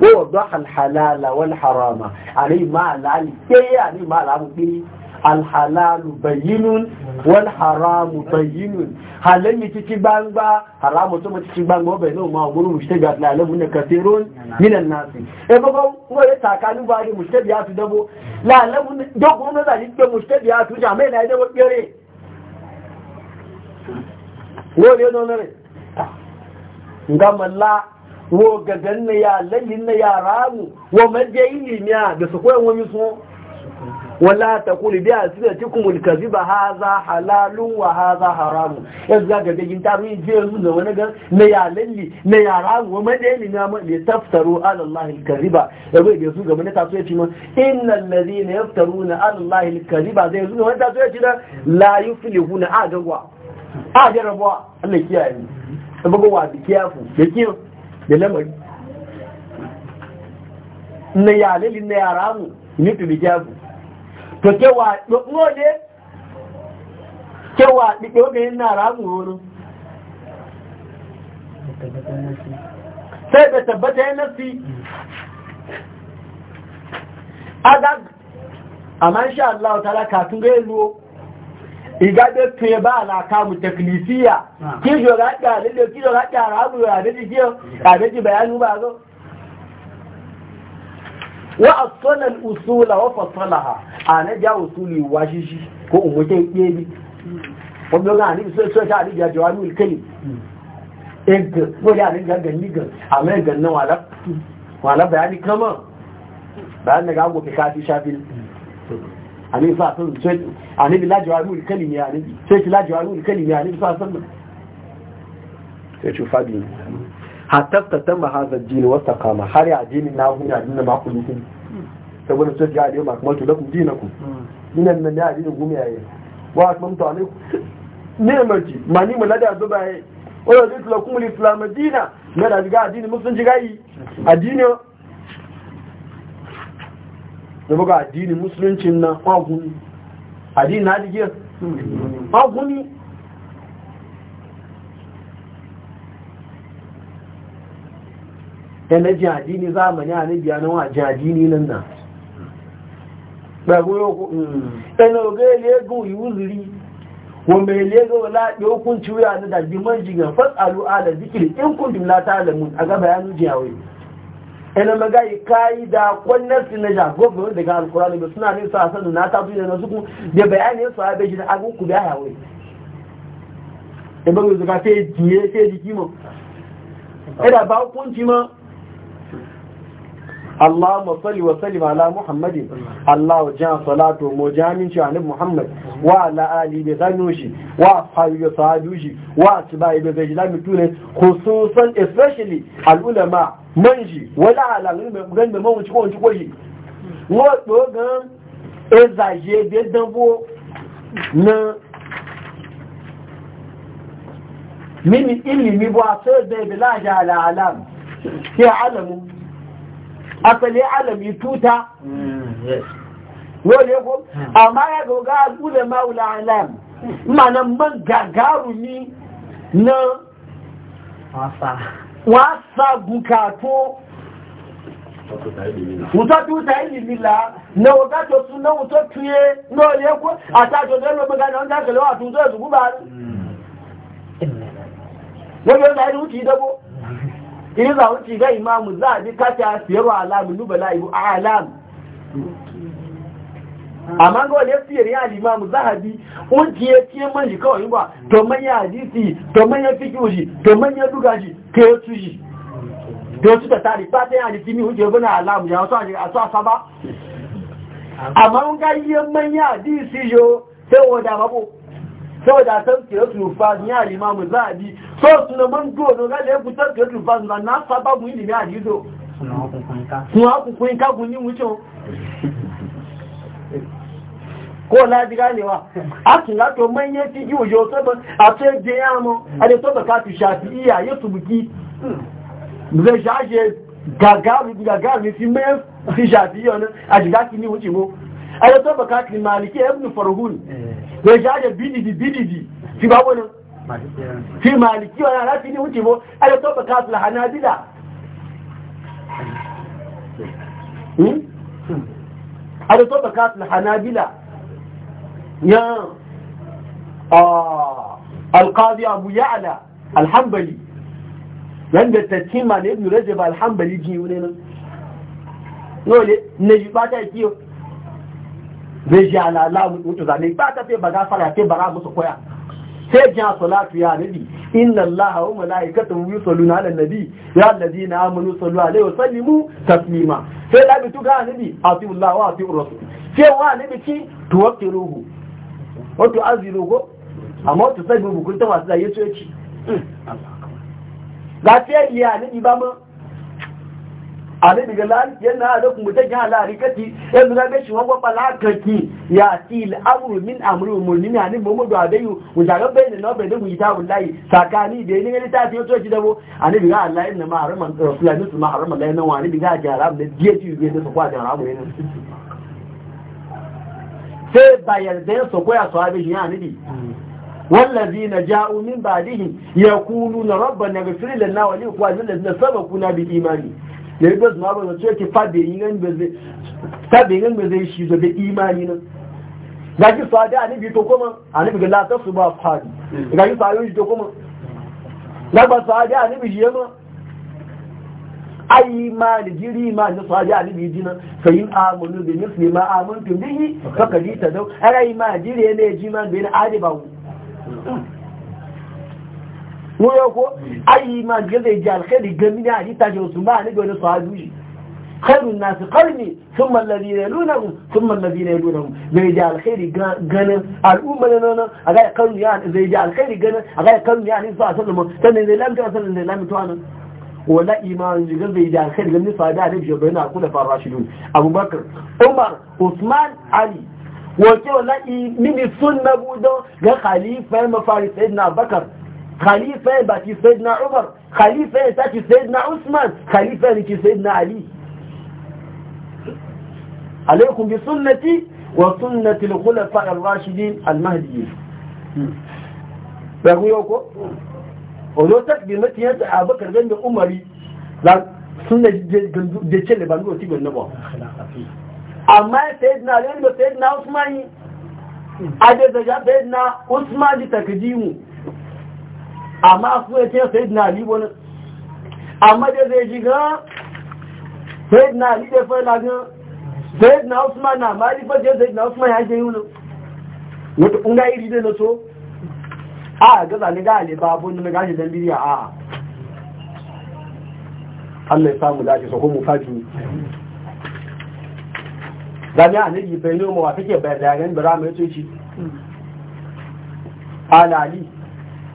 wa wadaha al halala wal harama alai ma alali eh alai ma alamu bi eh. alhalalu bayinun wal haramu bayinun halin mi cikin gbangba haramu to mu cikin gbangba bai zo ma gurin mu shiga da alamu ne kafirun minan nasi e ba ba ko ya takani ba ni mushtabiyatu dabo la alamu ne do ko na zali ke mushtabiyatu jama'a na dabo kere wo ne don ne ngamalla wo gagan ne ya lalin ne ya ramu wo majayi ne da su koyan wani su wala ta kuli biya su da cikin mulkazi ba ha za halalun wa ha za haramun yanzu za ga gagin ta ruyi jiya su da wani gan na yalalli na yara wa madani na ma ya taftaru ala Allah ya bai bai su ga wani ya ci ma innal ladina yaftaruna ala Allah Kariba. zai su wani ya ci da la yuflihuna a gagwa a jarabawa Allah kiyaye mu bugu wa bi kiyafu da kiyo da lamari na yalalli na ya mu ni to bi kiyafu to kewa ɗole kewa ɗiɗe obìnrin náà ráàmù oòrùn sai da tabbata ya nafi adag amma insha Allah ta'ala katun ga yazo igade tuye ba alaka mu taklisiya ki jora da lalle ki jora da ya da ji ya da ji wa asalal usula wa fasalaha ana ja usuli wa shi ko umuke kebi ko bi ga ni so so ta ni ja jawami kai eg ko ya ni ga ganni ga amma ga nan wala wala bayani kama bayan ga go ka fi shafi ani fa sun so ani bi hatta ta tamba hazar jini wata kama har ya jini na hunya jini ma ku lukuni saboda sai ga ne makamar tu lakum jini ku dinan nan ya jini gumi yayi wa kuma to ne ne maji mani mu da zuba yayi wala zai lakum al islam madina na da ga jini musun ji gayi addini da ga addini musulunci na kwa kwaguni addini na dige kwa kwaguni na jaji ne zamani a nabiya na wa jaji ne nan na gbagoro ku yana mm. oge legun yuzuri wa mai lego wala ɗau kun ciwuya na da man jiga fasalu da zikiri in kun dimla ta mun a gaba ya jiyawai yawai yana yi kayi da kwanan su na jagofa wanda ga alkurani ba suna ne sa sanu na ta tuya na suku da bayanin su a bai jina agun ku biya yawai ibn zuka fe jiye fe jiki mu ina ba hukunci ma Allah masali wa salim ala Muhammadin Allah wa jan salatu mu jamin shi anabi Muhammad wa ala ali bi zanushi wa fa'i bi sahabushi wa tibai bi zajlami tune khususan especially al ulama manji wala ala ngan be mawu ko ko shi wo do gan ezaje de na ilimi bo asoje bi la ja ala alam alamu asali alami tuta wole ko amma ya goga gule maula alam mana man gagaru na wasa bukato Utatu ta ilimi la na oga na uto tuye na ole ko atajo de lo mega na nda kele wa tun to ezugu ba. Wo yo na ru ti dogo. in za wuce ga imamu za a ji kati a siyarwa alamu nubala ibu a alamu amma ga wani fiyar ya limamu zahabi unji ya ce man kawai ba to manya hadisi to manya fikiyu shi to manya duka shi to ya su to su ta tari ba ta yi hadisi ni hujje bana alamu ya wasu a su asa ba amma ga yi manya hadisi yo sai wada babu saboda san kira su fa ya limamu zahabi so suna man duwa don gaɗa ya da yadda ba zuwa na saba mu ilimi hmm. a jizo suna hukukun ka guni wucin ko ladi ganewa a tun lato manyan ti iwo yau saba a tsaye je ya mu a da saba ka fi shafi iya ya tubuki zai shaje gagaru gagaru fi mai fi shafi iya nan a jiga ki ni wuce mo a da saba ka fi maliki ibn farhun zai shaje bididi bididi fi ba wani fi maliki wa yara fi ni wuce bo ala to ba kasu la ala hmm? to ba kasu la ya alqadi abu ya'la alhambali yanda tatima ne ibn rajab alhambali ji ne nan lole ne ji ba ta kiyo zai ji ala la mutu zane ba ta fe ba gafara fe bara musu koya sai jiya salatu ya nabi inna allaha wa malaikatahu yusalluna ala nabi ya alladhina amanu sallu alaihi wa sallimu taslima sai da bitu ga nabi atiu allah wa atiu rasul sai wa nabi ki tuwaqqiruhu wa tu'aziruhu amma to sai mu kun ta wasu da yace ci hmm. ga sai ya nabi ba mu ale diga lan yana da kuma ta jihar larikati yanzu na gashi lakaki ya min mu a dayu na mu yi ta sakani da ta diga allah fulani su diga da yi da su kwa sai bayar da su su abin ya nabi والذين جاءوا من بعدهم يقولون ربنا اغفر لنا ولإخواننا الذين سبقونا بالإيمان da ribar zuma ba zai ke fabe yin ba zai shi zabe imani nan ga ki sa da anibi to kuma anibi ga latar su ba fadi ga ki sa yi to kuma na ba sa da anibi shi yamma ai ma da jiri ma da sa da anibi jina fa yin amanu bi misli ma amantu bihi fa kadi ta dau ai ma jiri ne ji ma bi na adiba wọ́n kó ayi ma gẹ́gẹ́ jẹ́ alkhairi gami ní àríta wasu ba ní gbẹ̀rẹ̀ sọ́hájú yìí khairun nasu karni sun mallabi na yalu na mu sun mallabi na yalu na mu zai ji alkhairi ganin al'umma na nana a ga karnu ya zai ji alkhairi ganin a ga karnu ya nisa a sallama sannan zai lamta sannan zai lamta wani wala imanin jigar zai ji alkhairi ganin sa'ada a nabi shabarai na kula fara shi abubakar umar usman ali wace wala imini sun na budon ga khalifa mafaris sayyidina bakar khalifa ya baki sayyidina umar khalifa ya taki sayyidina usman khalifa ya ki sayyidina ali alaikum bi sunnati wa sunnati al-khulafa ar-rashidin al-mahdiyyin bagu yoko odo takbi matiyan ta abakar ganda umari la sunna de chele bango ti gonna ba amma sayyidina ali da sayyidina usman ade da sayyidina usman di takdimu amma a ya ce sai na ali wani amma da zai shiga sai na ali fai lagin sai na usman na mali fajiyar sai na usman ya ke yi wani wata ƙunga iri da na so a ga ni gane babu na gashi don biriya a Allah ya samu da ake ko mu fafi zane a ne yi bayyano mu da take bayanan bara mai tsoci ali.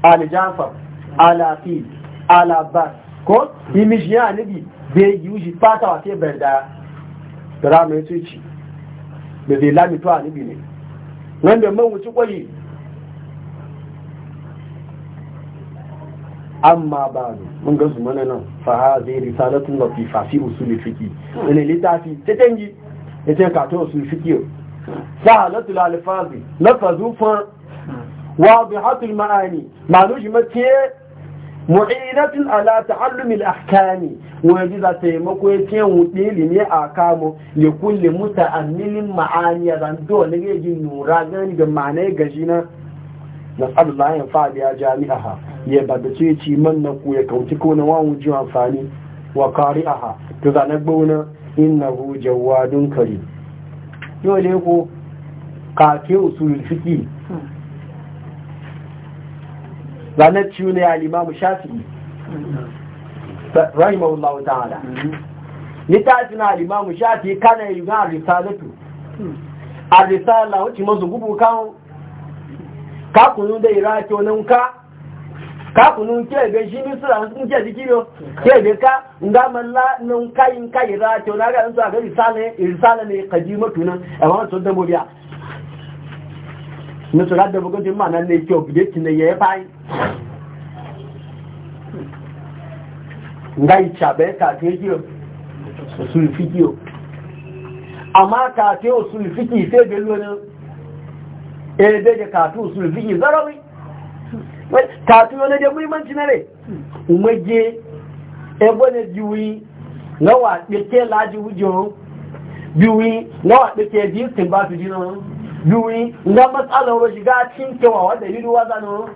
aljafar alafi alabas ko yi mishiya nabi bai yi wuji fata wa sai bai da rama ya ci da zai lamito a nabi ne wanda man wuce kwayi amma ba mun ga su mana nan fa ha zai risalatun latifa fi usul fiki ne litafi ta tangi ya ce ka to usul fiqi sahalatul alfazi lafazu fa واضحة المعاني معنوش متيه mu'inatin ala ta'allumil ahkami wani za ta yi makwai wudeli ne a kamo ya kulle muta amilin ma'ani ya zanto na gaji nura gani ga ma'anai gaji na nasarullahi ya faɗi ya jami'a ya bada ce ci man na ku ya kauci ko na wawon ji amfani wa kari aha to zane gbauna innahu jawadun kari yau ne ko kake usulul fiki ranar ciwo ne alimamu shafi'i rahimahullahu ta'ala littafin alimamu shafi'i kana yi gan arisalatu arisala wacce masu gubu kawo kakunun da iraki wani nka. kakunun kebe shi misira wasu nke jiki kebe ka nga malla kayin ka wani yanzu ma nan ne kyau bude ya fayi ngai chabe kakejo usulfikio amma kake usulfiki sai bello e ne eh daga katu usulfiki zarawi katu yana da muhimmanci na re umaje ebo ne juwi na wa dake laji wujo juwi na wa dake ji tin ba su jina juwi na matsalar shiga cin kewa wanda yi ruwa zanon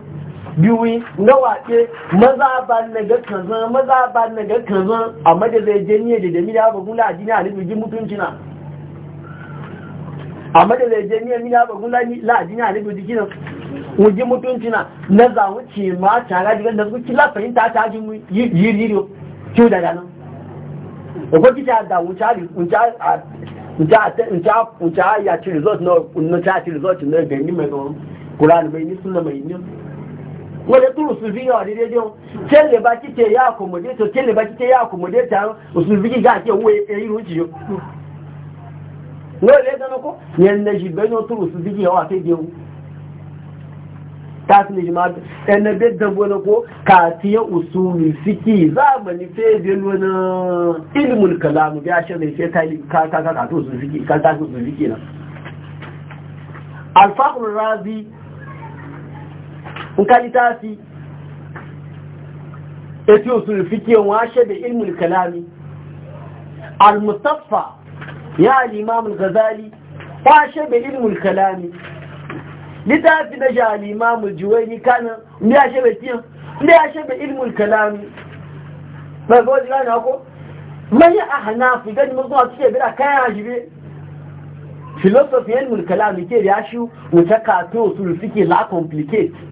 biyu na wace maza ba na ga kazan maza ba na ga kazan amma da zai je niyyar da jami'a ba gula a jini a nufi jin mutunci na amma da zai je niyyar mina ba gula la a jini a nufi jiki na wujin mutunci na na zamu ce ma tara jigar da suke la fahimta ta ji mu yiri yiri kyau da ganin da kwa kita da wuce a wuce a ya ci result na wuce a ci result na gani mai kura da mai nisan da mai nisan wani turu su biyu a daidai dai can da ba kike ya akomode to can da ba kike ya akomode ta su biyu ga ke wuwa ya yi ruci yau wani da na ko yan na shi bai turu su biyu yawa sai biyu ta su ne shi ma yan na bai dabo na ko ka tiye usuli fiki zamani sai biyu wani ilimin kalamu ya shi ne sai ka ka ka ka to su fiki ka ta su fiki na alfahun razi nka litafi eti usul fiqh wa shabi ilm al-kalam al-mustaffa ya al-imam al-ghazali wa shabi ilm al-kalam litafi da ja al-imam al-juwayni kana ndi ya shabi tiyan ndi ya da ilm al-kalam ba go ji gane ko mai ahnaf gani mun zuwa cike bira kayan ajibe philosophy ilm al ke ya shi mutaka to usul fiqh la complicate